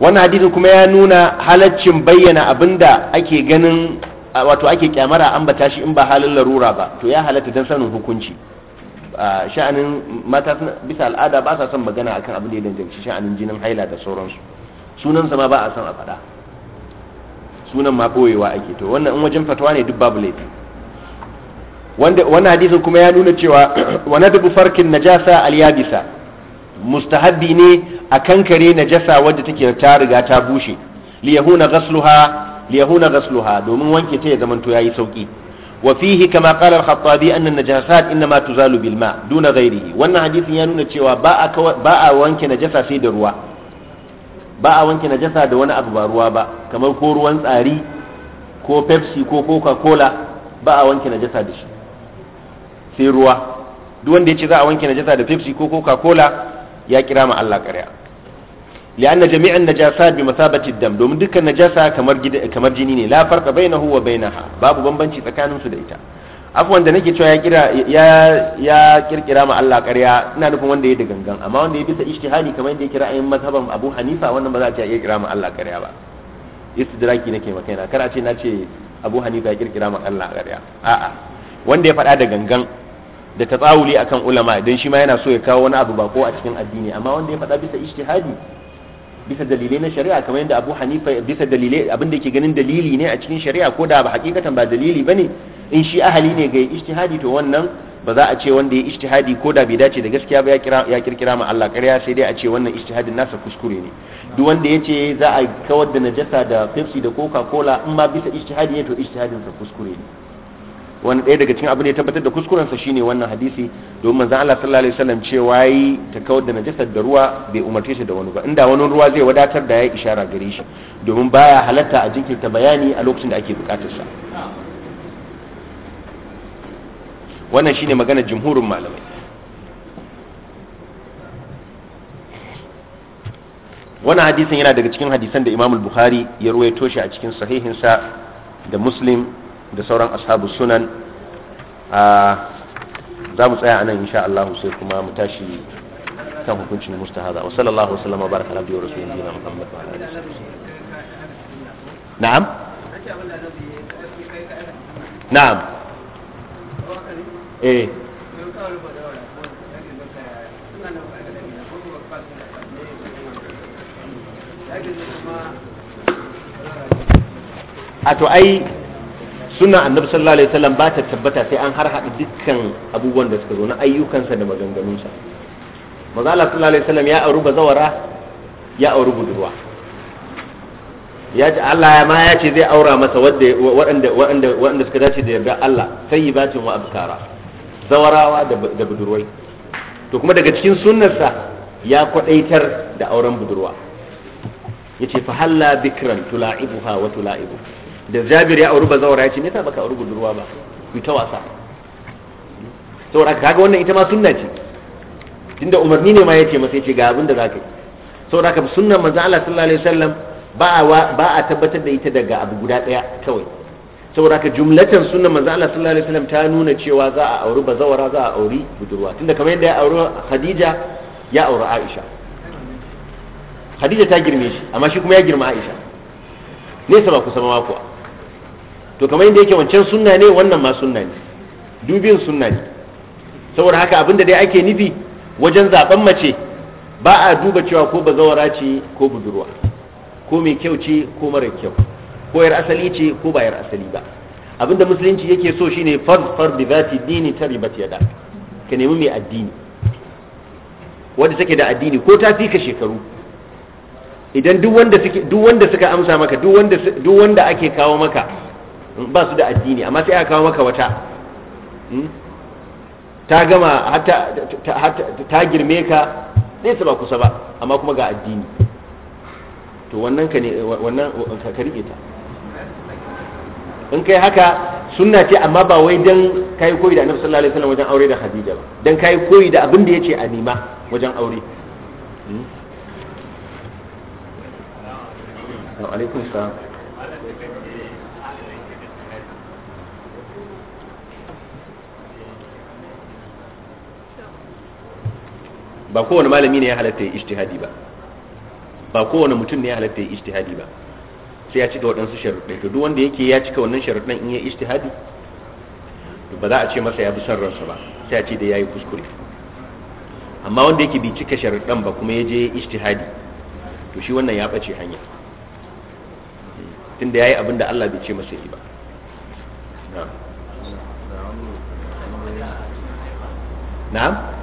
wannan hadisin kuma ya nuna halaccin bayyana abinda ake ganin wato ake kyamara an bata shi in ba halin larura ba to ya halatta don sanin hukunci sha'anin mata bisa al'ada ba sa son magana akan abin da ya danganci sha'anin jinin haila da sauransu sunan sama ba a son a faɗa sunan ma ɓoyewa ake to wannan in wajen fatawa ne duk babu laifi wanda wannan hadisin kuma ya nuna cewa wa nadbu farkin najasa al yabisa mustahabbi ne a kankare najasa wadda take ta riga ta bushe li yahuna ghasluha li yahuna ghasluha domin wanke ta ya ya yayi sauki wa fihi kama qala al-khattabi anna najasat inma tuzalu bil ma duna ghayrihi wannan hadisin ya nuna cewa ba a ba a wanke najasa sai da ruwa ba a wanke najasa da wani abu ba ruwa ba kamar ko ruwan tsari ko Pepsi ko Coca-Cola ba a wanke najasa da shi sai ruwa duk wanda ya ce za a wanke najasa da Pepsi ko Coca-Cola ya kira ma Allah ƙarya li'anna jami'an najasa bi masabati dam domin dukkan najasa kamar kamar jini ne la farqa bainahu wa bainaha babu bambanci tsakanin su da ita afwan da nake cewa ya kira ya ya kirkira ma Allah ƙarya ina nufin wanda ya da gangan amma wanda ya bisa ijtihadi kamar yadda yake ayyin mazhaban Abu Hanifa wannan ba za a ce ya kira ma Allah ƙarya ba istidraki nake maka yana kar a ce na ce Abu Hanifa ya kirkira ma Allah ƙarya a'a wanda ya faɗa da gangan da tatsawuli akan ulama don shi ma yana so ya kawo wani abu ba ko a cikin addini amma wanda ya faɗa bisa ijtihadi bisa dalilai na shari'a kamar yadda Abu Hanifa bisa dalilai abin da yake ganin dalili ne a cikin shari'a ko da ba hakikatan ba dalili bane in shi ahali ne ga ijtihadi to wannan ba za a ce wanda ya ijtihadi ko da bai dace da gaskiya ba ya kira ya kirkira ma Allah ƙarya sai dai a ce wannan ijtihadin nasa kuskure ne duk wanda ya ce za a kawar da najasa da Pepsi da Coca-Cola in ma bisa ijtihadi ne to ijtihadin sa kuskure ne wani ɗaya daga cikin abin da ya tabbatar da kuskurensa shine wannan hadisi domin manzon Allah sallallahu alaihi wasallam ce yi ta kawar da najasar da ruwa bai umarce shi da wani ba inda wani ruwa zai wadatar da ya ishara gare shi domin baya halatta a jinkirta bayani a lokacin da ake bukatar sa wannan shine magana jumhurin malamai wannan hadisin yana daga cikin hadisan da Imam Bukhari ya ruwaito shi a cikin sahihinsa da Muslim da sauran ashabu sunan za mu tsaya anan insha Allah sai kuma mu tashi kan hukuncin mustahaza wa sallallahu wa sallama baraka ala abdihi wa rasulihi Muhammad wa ala na'am na'am eh a to ai suna annabi sallallahu alaihi wasallam ba ta tabbata sai an har haɗu dukkan abubuwan da suka zo na ayyukansa da maganganunsa manzo Allah sallallahu alaihi wasallam ya auri bazawara ya auri budurwa ya ji Allah ya ma ya ce zai aura masa waɗanda wanda wanda suka dace da yarda Allah tayyibatin wa abkara zawarawa da budurwai to kuma daga cikin sunnarsa ya kwadaitar da auren budurwa yace fa halla bikran tula'ibuha wa tula'ibuha da jabir ya auri bazawara ya ce me yasa baka auri budurwa ba ku ta wasa saboda ga wannan ita ma sunna ce tunda umarni ne ma ya ce masa ce ga abin da za ka yi saboda ka sunnan manzo Allah sallallahu alaihi wasallam ba ba a tabbatar da ita daga abu guda daya kawai saboda ka jumlatan sunnan manzo Allah sallallahu alaihi wasallam ta nuna cewa za a auri bazawara za a auri budurwa tunda kamar yadda ya auri Khadija ya auri Aisha Khadija ta girme shi amma shi kuma ya girma Aisha ne sama kusa ma kuwa to kamar yadda yake wancan sunna ne wannan ma sunna ne dubin sunna ne saboda haka abin da dai ake nufi wajen zaben mace ba a duba cewa ko bazawara ce ko budurwa ko mai kyau ce ko mara kyau ko yar asali ce ko ba yar asali ba abin da musulunci yake so shine far bi zati dini taribat yada ka nemi mai addini wanda take da addini ko ta fika shekaru idan duk wanda suka amsa maka duk wanda ake kawo maka ba su da addini amma sai aka kawo maka wata hmm? ta gama ta girme ka ɗaya su ba kusa ba amma kuma ga addini to wannan ka ne wannan ka rike ta in kai haka sunna ce amma ba wai dan kai koyi da annabi sallallahu alaihi wasallam wajen aure da khadija ba dan kai koyi da abin da ce a nima wajen aure hmm? alaikum sa ba kowane malami ne ya halatta ya ijtihadi ba ba kowane mutum ne ya halatta ya ijtihadi ba sai ya cika waɗansu sharuɗai to duk wanda yake ya cika wannan sharuɗan in ya ijtihadi to ba za a ce masa ya bi son ransa ba sai a ce da yayi kuskure amma wanda yake bai cika sharuɗan ba kuma ya je ijtihadi to shi wannan ya ɓace hanya tunda yayi abin da Allah bai ce masa yi ba na'am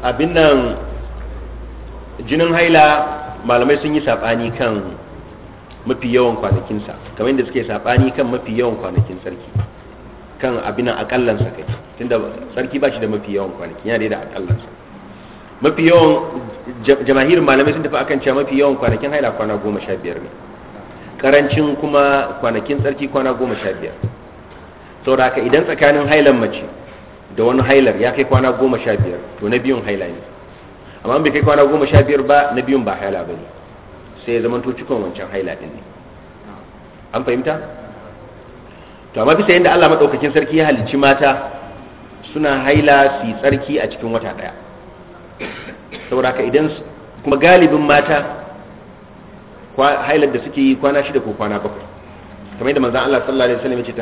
abin nan jinin haila malamai sun yi saɓani kan mafi yawan kwanakinsa kamar yadda suke saɓani kan mafi yawan kwanakin sarki kan abin nan akallansa kai tunda sarki ba shi da mafi yawan kwanaki yana da akallansa mafi yawan jamahirin malamai sun tafi akan cewa mafi yawan kwanakin haila kwana goma sha biyar ne karancin kuma kwanakin sarki kwana goma sha biyar saboda haka idan tsakanin hailan mace da wani hailar ya kai kwana goma sha biyar to na biyun haila ne amma bai kai kwana goma sha biyar ba na biyun ba haila ba ne sai ya zamanto cikin wancan haila ɗin ne an fahimta to amma bisa yadda allah maɗaukakin sarki ya halicci mata suna haila su yi tsarki a cikin wata ɗaya saboda ka idan kuma galibin mata hailar da suke yi kwana shida ko kwana bakwai kamar yadda manzan Allah sallallahu alaihi wasallam yace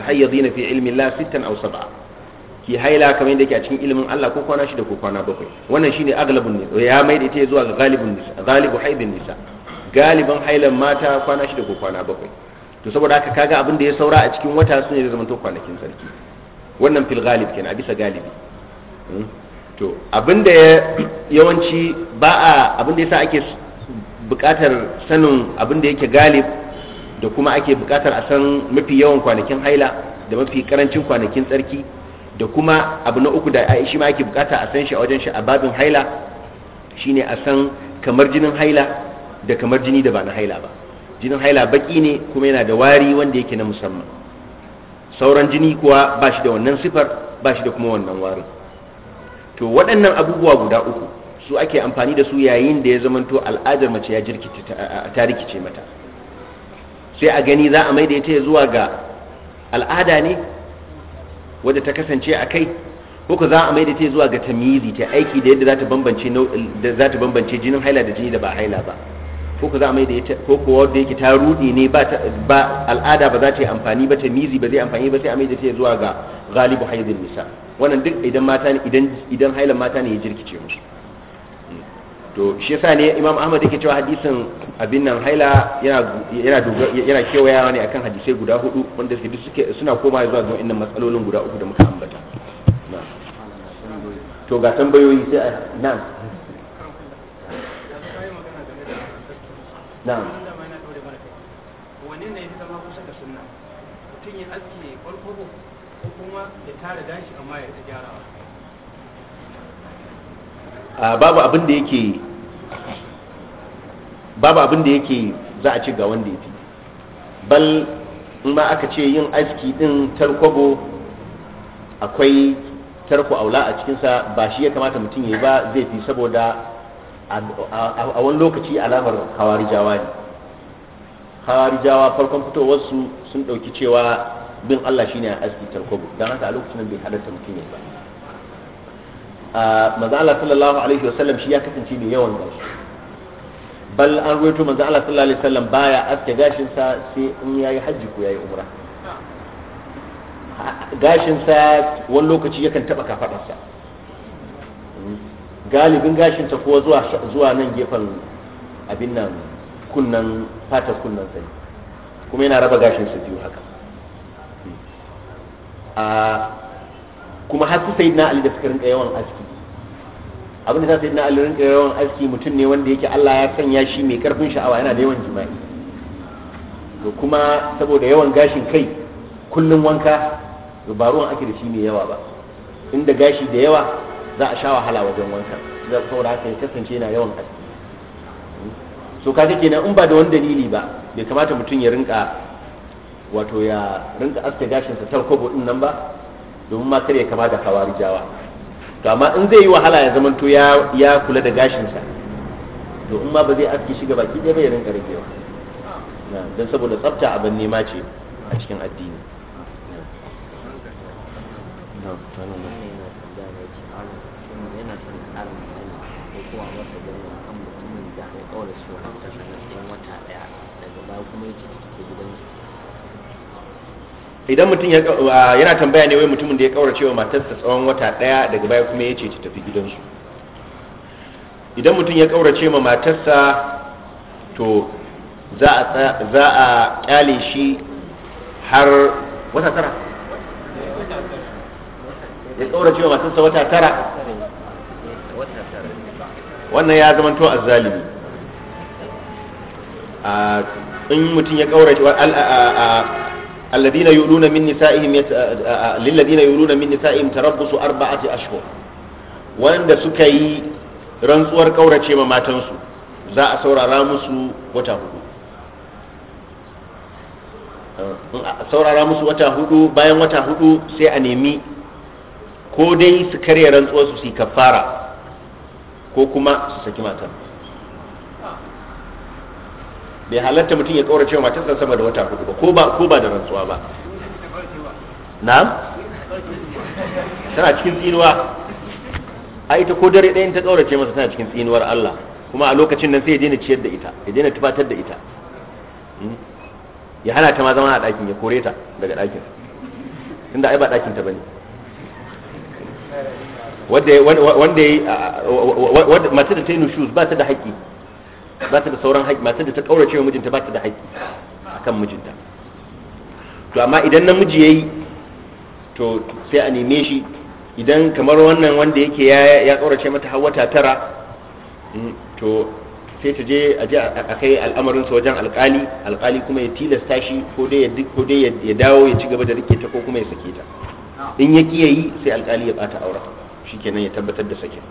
tahayyadina fi ilmi la sittan aw sab'a ki haila kamar yadda yake a cikin ilimin Allah ko kwana shida ko kwana bakwai wannan shine aglabun ne ya mai da ita zuwa ga galibun nisa galibu haibin nisa galiban hailan mata kwana shida ko kwana bakwai to saboda haka kaga abin da ya saura a cikin wata sune da to kwanakin sarki wannan fil galib kenan a bisa galibi hmm? to abin da yawanci ba a abin da yasa ake bukatar sanin abin da yake galib da kuma ake bukatar a san mafi yawan kwanakin haila da mafi karancin kwanakin tsarki da kuma abu na uku da shi ma ake bukata a san shi a wajen shi a babin haila shine a san kamar jinin haila da kamar jini da ba na haila ba jinin haila baki ne kuma yana da wari wanda yake na musamman sauran jini kuwa ba shi da wannan sifar ba shi da kuma wannan wari to waɗannan abubuwa guda uku su ake amfani da su yayin da ya zamanto al'adar mace ya jirkita ta rikice mata sai a gani za a maida ita zuwa ga al'ada ne wadda ta kasance a kai ko za a maida ita zuwa ga tamizi ta aiki da yadda za ta bambance jinin haila da jini da ba haila ba ko za a da ita ko ko wanda yake ta rudi ne ba al'ada ba za ta yi amfani ba tamizi ba zai amfani ba sai a maida ita zuwa ga galibu haizin nisa wannan duk idan mata ne idan hailan mata ne ya jirkice musu to shi yasa ne imam ahmad yake cewa hadisin abin nan haila yana kewayawa ne akan hadisai guda hudu wanda suke suna koma zuwa ga wannan matsalolin guda uku da muka ambata to ga tambayoyi sai a nan nan da ya babu abin da yake babu abin da yake za a ce ga wanda ya fi bal in ma aka ce yin aski din tarkwabo akwai tarko aula a cikinsa ba shi ya kamata mutum ya yi ba zai fi saboda a wani lokaci alamar hawarijawa ne hawarijawa farkon fitowarsu sun ɗauki cewa bin Allah shine aski tarkobo don haka a lokacin bai halarta mutum ya ba a maza sallallahu alaihi wasallam shi ya kasance mai yawan gashi bal an ruwaito manzo Allah sallallahu alaihi wasallam baya aske gashin sa sai in yayi hajji ko yayi umra gashin sa wani lokaci yakan taba kafadar sa galibin gashin ta ko zuwa zuwa nan gefen abin nan kunnan fatar kunnan sai kuma yana raba gashin sa biyu haka hmm. a ah, kuma har su sayyidina Ali da suka rinka yawan aski abin da ta sai na alirin da yawan aski mutum ne wanda yake Allah ya sanya shi mai karfin sha'awa yana da yawan jima'i to kuma saboda yawan gashin kai kullum wanka ba ruwan ake da shi mai yawa ba inda gashi da yawa za a sha wahala wajen wanka zan saboda haka ya kasance yana yawan aski so ka kaga na in ba da wani dalili ba bai kamata mutum ya rinka wato ya rinka aske gashinsa kobo din nan ba domin ma kar ya kama da hawarijawa jawa to amma in zai yi wahala ya zamanto ya ya kula da gashinsa to in ma ba zai aski shiga baki ɗaya ba ya rinka ragewa don saboda tsafta abin nema ce a cikin addini kuma ya idan mutum uh, yana tambaya ne wai mutumin da ya kaura wa matarsa tsawon wata daya daga baya kuma ya ce ta tafi gidansu idan mutum ya kaurace ma matarsa to za a kyale shi har wata tara ya kaurace wa matarsa wata tara wannan ya zama to a in mutum ya kaurace alladina yuluna min nisa'ihim lilladina yuluna min nisa'ihim tarabbusu arba'ati ashhur wanda suka yi rantsuwar kaurace ma matan su za a saurara musu wata hudu uh, saurara musu wata hudu bayan wata hudu sai a nemi ko dai su karya rantsuwar su su kafara ko kuma su saki matan su bai halatta mutum ya kaura wa matarsa sama da wata hudu ba ko ba ko ba da rantsuwa ba na'am tana cikin tsinuwa a ita ko dare ɗayan ta kaurace masa tana cikin tsinuwar Allah kuma a lokacin nan sai ya daina ciyar da ita ya daina tufatar da ita hmm? ya hana ta ma zama a ɗakin ya kore ta daga ɗakin tunda ai ba ɗakin ta bane wanda wanda mace da ta yi nushuz ba ta da haƙƙi ba ta da sauran haƙƙi matar da ta ƙaurace wa mijinta ba ta da haƙƙi akan mijinta to amma idan namiji yayi to sai a neme shi idan kamar wannan wanda yake ya ƙaurace mata har wata tara mm, to sai ta je a je a kai al'amarin sa wajen alkali alkali kuma ya tilasta shi ko dai ko dai ya dawo ya ci gaba da rike ta ko kuma ya sake ta in ya kiyayi sai alkali ya bata aure shikenan ya tabbatar da sakin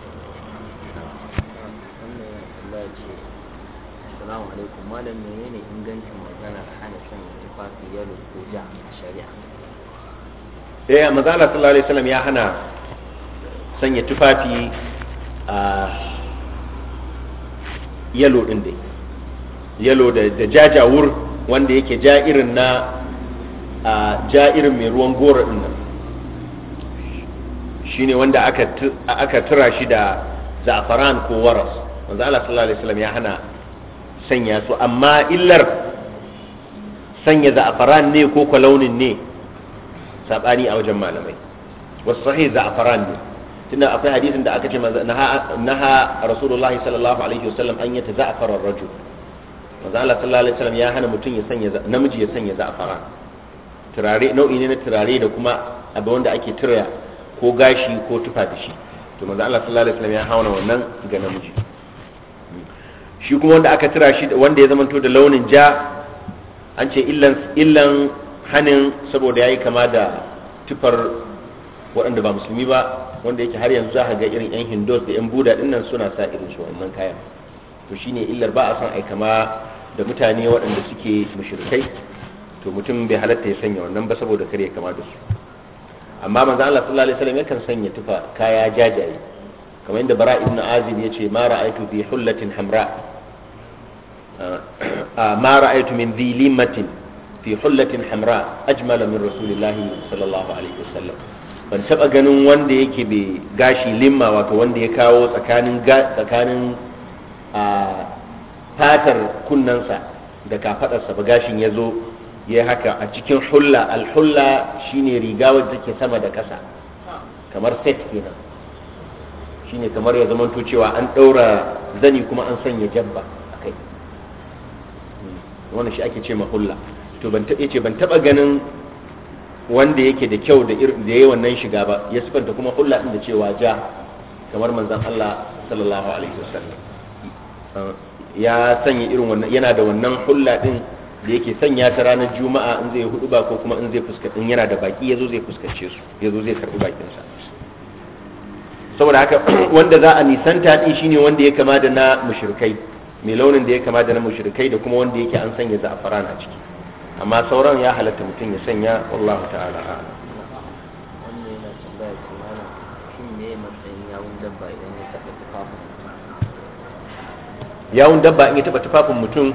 assalamu alaikum malam menene ingancin maganar hana sanya tufafi yalo ko ja a shari'a eh manzala sallallahu alaihi wasallam ya hana sanya tufafi a yalo din dai yalo da da jajawur wanda yake ja irin na ja irin mai ruwan goro din nan shine wanda aka aka tura shi da za'afaran ko waras manzo Allah sallallahu alaihi wasallam ya hana sanya su amma illar sanya za'afaran ne ko kwalaunin ne sabani a wajen malamai wasu sahih za'afaran ne tunda akwai hadisin da aka ce naha rasulullah sallallahu alaihi wasallam an yata za'afaran raju manzo Allah sallallahu alaihi wasallam ya hana mutum ya sanya namiji ya sanya za'afaran turare nau'i ne na turare da kuma abu wanda ake tura ko gashi ko tufa da shi to manzo Allah sallallahu alaihi wasallam ya hauna wannan ga namiji shi kuma wanda aka tira shi wanda ya zamanto da launin ja an ce illan illan hanin saboda yayi kama da tufar waɗanda ba musulmi ba wanda yake har yanzu za ka ga irin yan hindus da yan buda dinnan suna sa irin su wannan kayan to shine illar ba a son ai kama da mutane waɗanda suke mushrikai to mutum bai halatta ya sanya wannan ba saboda kar ya kama da su amma manzo Allah sallallahu alaihi wasallam yakan sanya tufa kaya jajaye kamar inda bara ibn azib yace ma ra'aytu bi hullatin hamra ma ra'aytu fi hullatin hamra ajmala min ban taba ganin wanda yake bai gashi limma wato wanda ya kawo tsakanin tsakanin fatar kunnansa da kafadarsa ba gashin ya zo ya haka a cikin hulla alhulla shine riga wadda take sama da ƙasa kamar set kenan shine kamar ya zamanto cewa an ɗaura zani kuma an sanya jabba wannan shi ake ce ma to ban taɓa ce ban taɓa ganin wanda yake da kyau da da yayi wannan shiga ba ya sifanta kuma hulla din da cewa ja kamar manzon Allah sallallahu alaihi wasallam eh, ya sanya irin wannan yana da wannan hulla din da yake sanya ta ranar juma'a in zai hudu ba ko kuma in zai fuska in yana da baki yazo zai fuskace su yazo zai karbi bakin sa saboda haka wanda za a nisanta din shine wanda ya kama da na mushrikai mai launin da ya kama da na mushrikai da kuma wanda yake an sanya za'afaran a ciki amma sauran ya halatta mutum ya sanya wallahu ta'ala a yawun dabba in ya taba tufafin mutum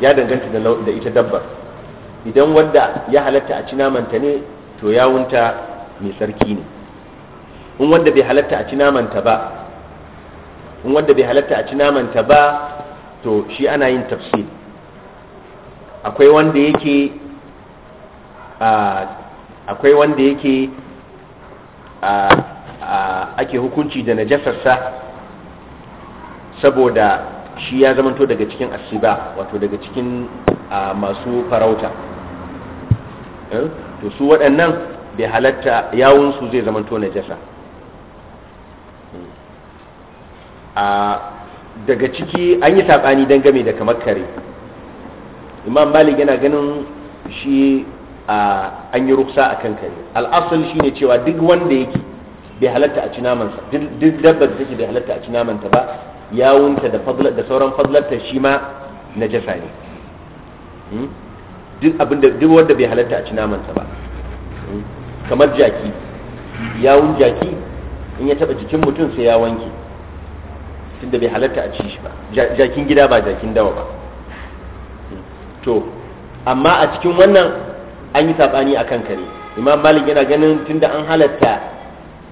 ya danganta da ita dabbar idan wadda ya halatta a ci namanta ne to yawunta mai sarki ne in wadda bai halatta a ci namanta ba in wadda bai halatta a ci namanta ba to shi ana yin tafsir akwai wanda yake akwai wanda yake ake hukunci da najasarsa saboda shi ya zamanto daga cikin asiba wato daga cikin masu farauta eh? to su waɗannan bai halatta yawunsu zai zamanto najasa hmm. daga ciki an yi saɓani game da kamar kare imam malik yana ganin shi an yi ruksa a kan kare al'asul shi ne cewa duk wanda yake bai halatta a ci namansa duk dabba da take bai halatta a ci namanta ba yawunta da sauran fadlarta shi ma na jasa ne hmm? duk abinda duk wanda bai halatta a ci namansa ba hmm? kamar jaki yawun jaki in ya taba jikin mutum sai ya wanke tunda bai halatta a ci shi ba jakin gida ba jakin dawa ba to amma a cikin wannan an yi sabani kan kare imam malik yana ganin tunda an halarta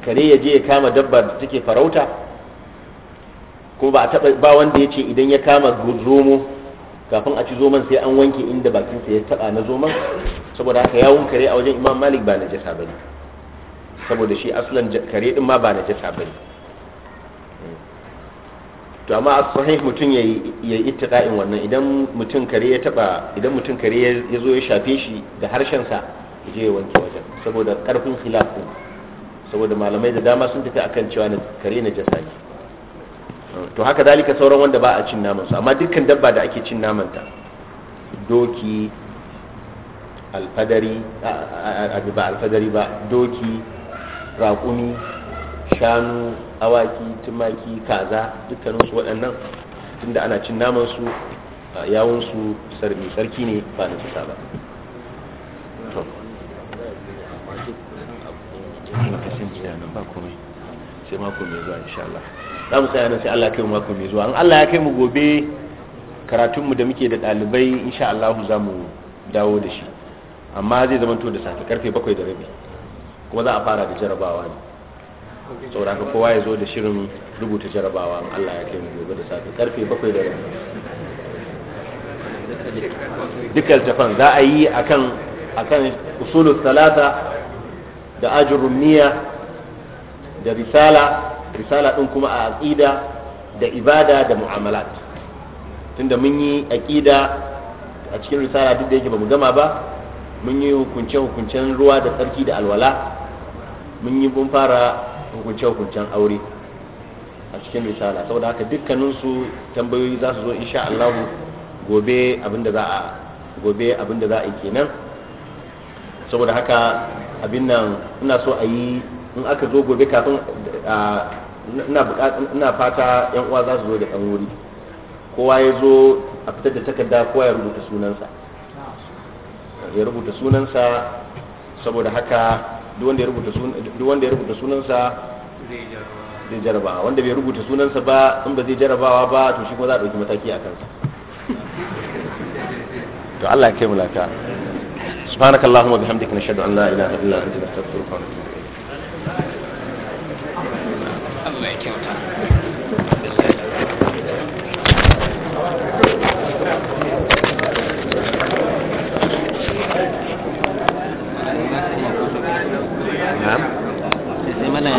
kare ya je ya kama dabbar da take farauta ko ba taba ba wanda ya ce idan ya kama zomo kafin a ci zoman sai an wanke inda bakinsa ya taba na zoman saboda haka yawun kare a wajen imam malik ba na jasa bane saboda shi aslan kare din ma ba na jasa bane to amma sahih mutum ya yi ittida'in wannan idan mutum kare ya taba idan mutum kare ya zo ya shafe shi da harshen sa je ya wanke wajen saboda karfin khilafin saboda malamai da dama sun tafi akan cewa kare na jasa ne to haka dalika sauran wanda ba a cin naman su amma dukkan dabba da ake cin naman ta doki alfadari ba alfadari ba doki raƙumi shanu awaki tumaki kaza dukkaninsu waɗannan tunda ana cin namansu yawunsu mai sarki ne ba na sa ba sai mako mai zuwa insha za mu tsaya nan sai Allah kai mu mako mai zuwa an Allah ya kai mu gobe karatunmu da muke da ɗalibai insha Allah za mu dawo da shi amma zai zama to da safe karfe bakwai da rabi kuma za a fara da jarabawa ne saboda haka kowa ya zo da shirin rubuta jarabawa in Allah ya kai mu gobe da safe karfe 7 da rabi duka jafan za a yi akan akan usulul salata da ajrun niyya da risala risala din kuma a aqida da ibada da mu'amalat tunda mun yi aqida a cikin risala duk da yake bamu gama ba mun yi hukunce hukuncen ruwa da tsarki da alwala mun yi mun fara hukunce-hukuncen aure a cikin risala saboda haka dukkaninsu tambayoyi za su zo insha Allah gobe abinda za a gobe abinda za a kenan saboda haka abin nan ina so a yi in aka zo gobe kafin ina fata yan uwa za su zo da ɗan wuri kowa ya zo a fitar da takarda kowa ya rubuta sunansa ya rubuta sunansa saboda haka duk wanda ya rubuta duk wanda sunansa zai jarabawa wanda bai rubuta sunansa ba in ba zai jarabawa ba to shi kuma za a ɗauki mataki a kansa to Allah ya kai mulaka subhanakallahumma bihamdika nashhadu an la ilaha illa anta nastaghfiruka wa natubu ilayk Allah ya kyauta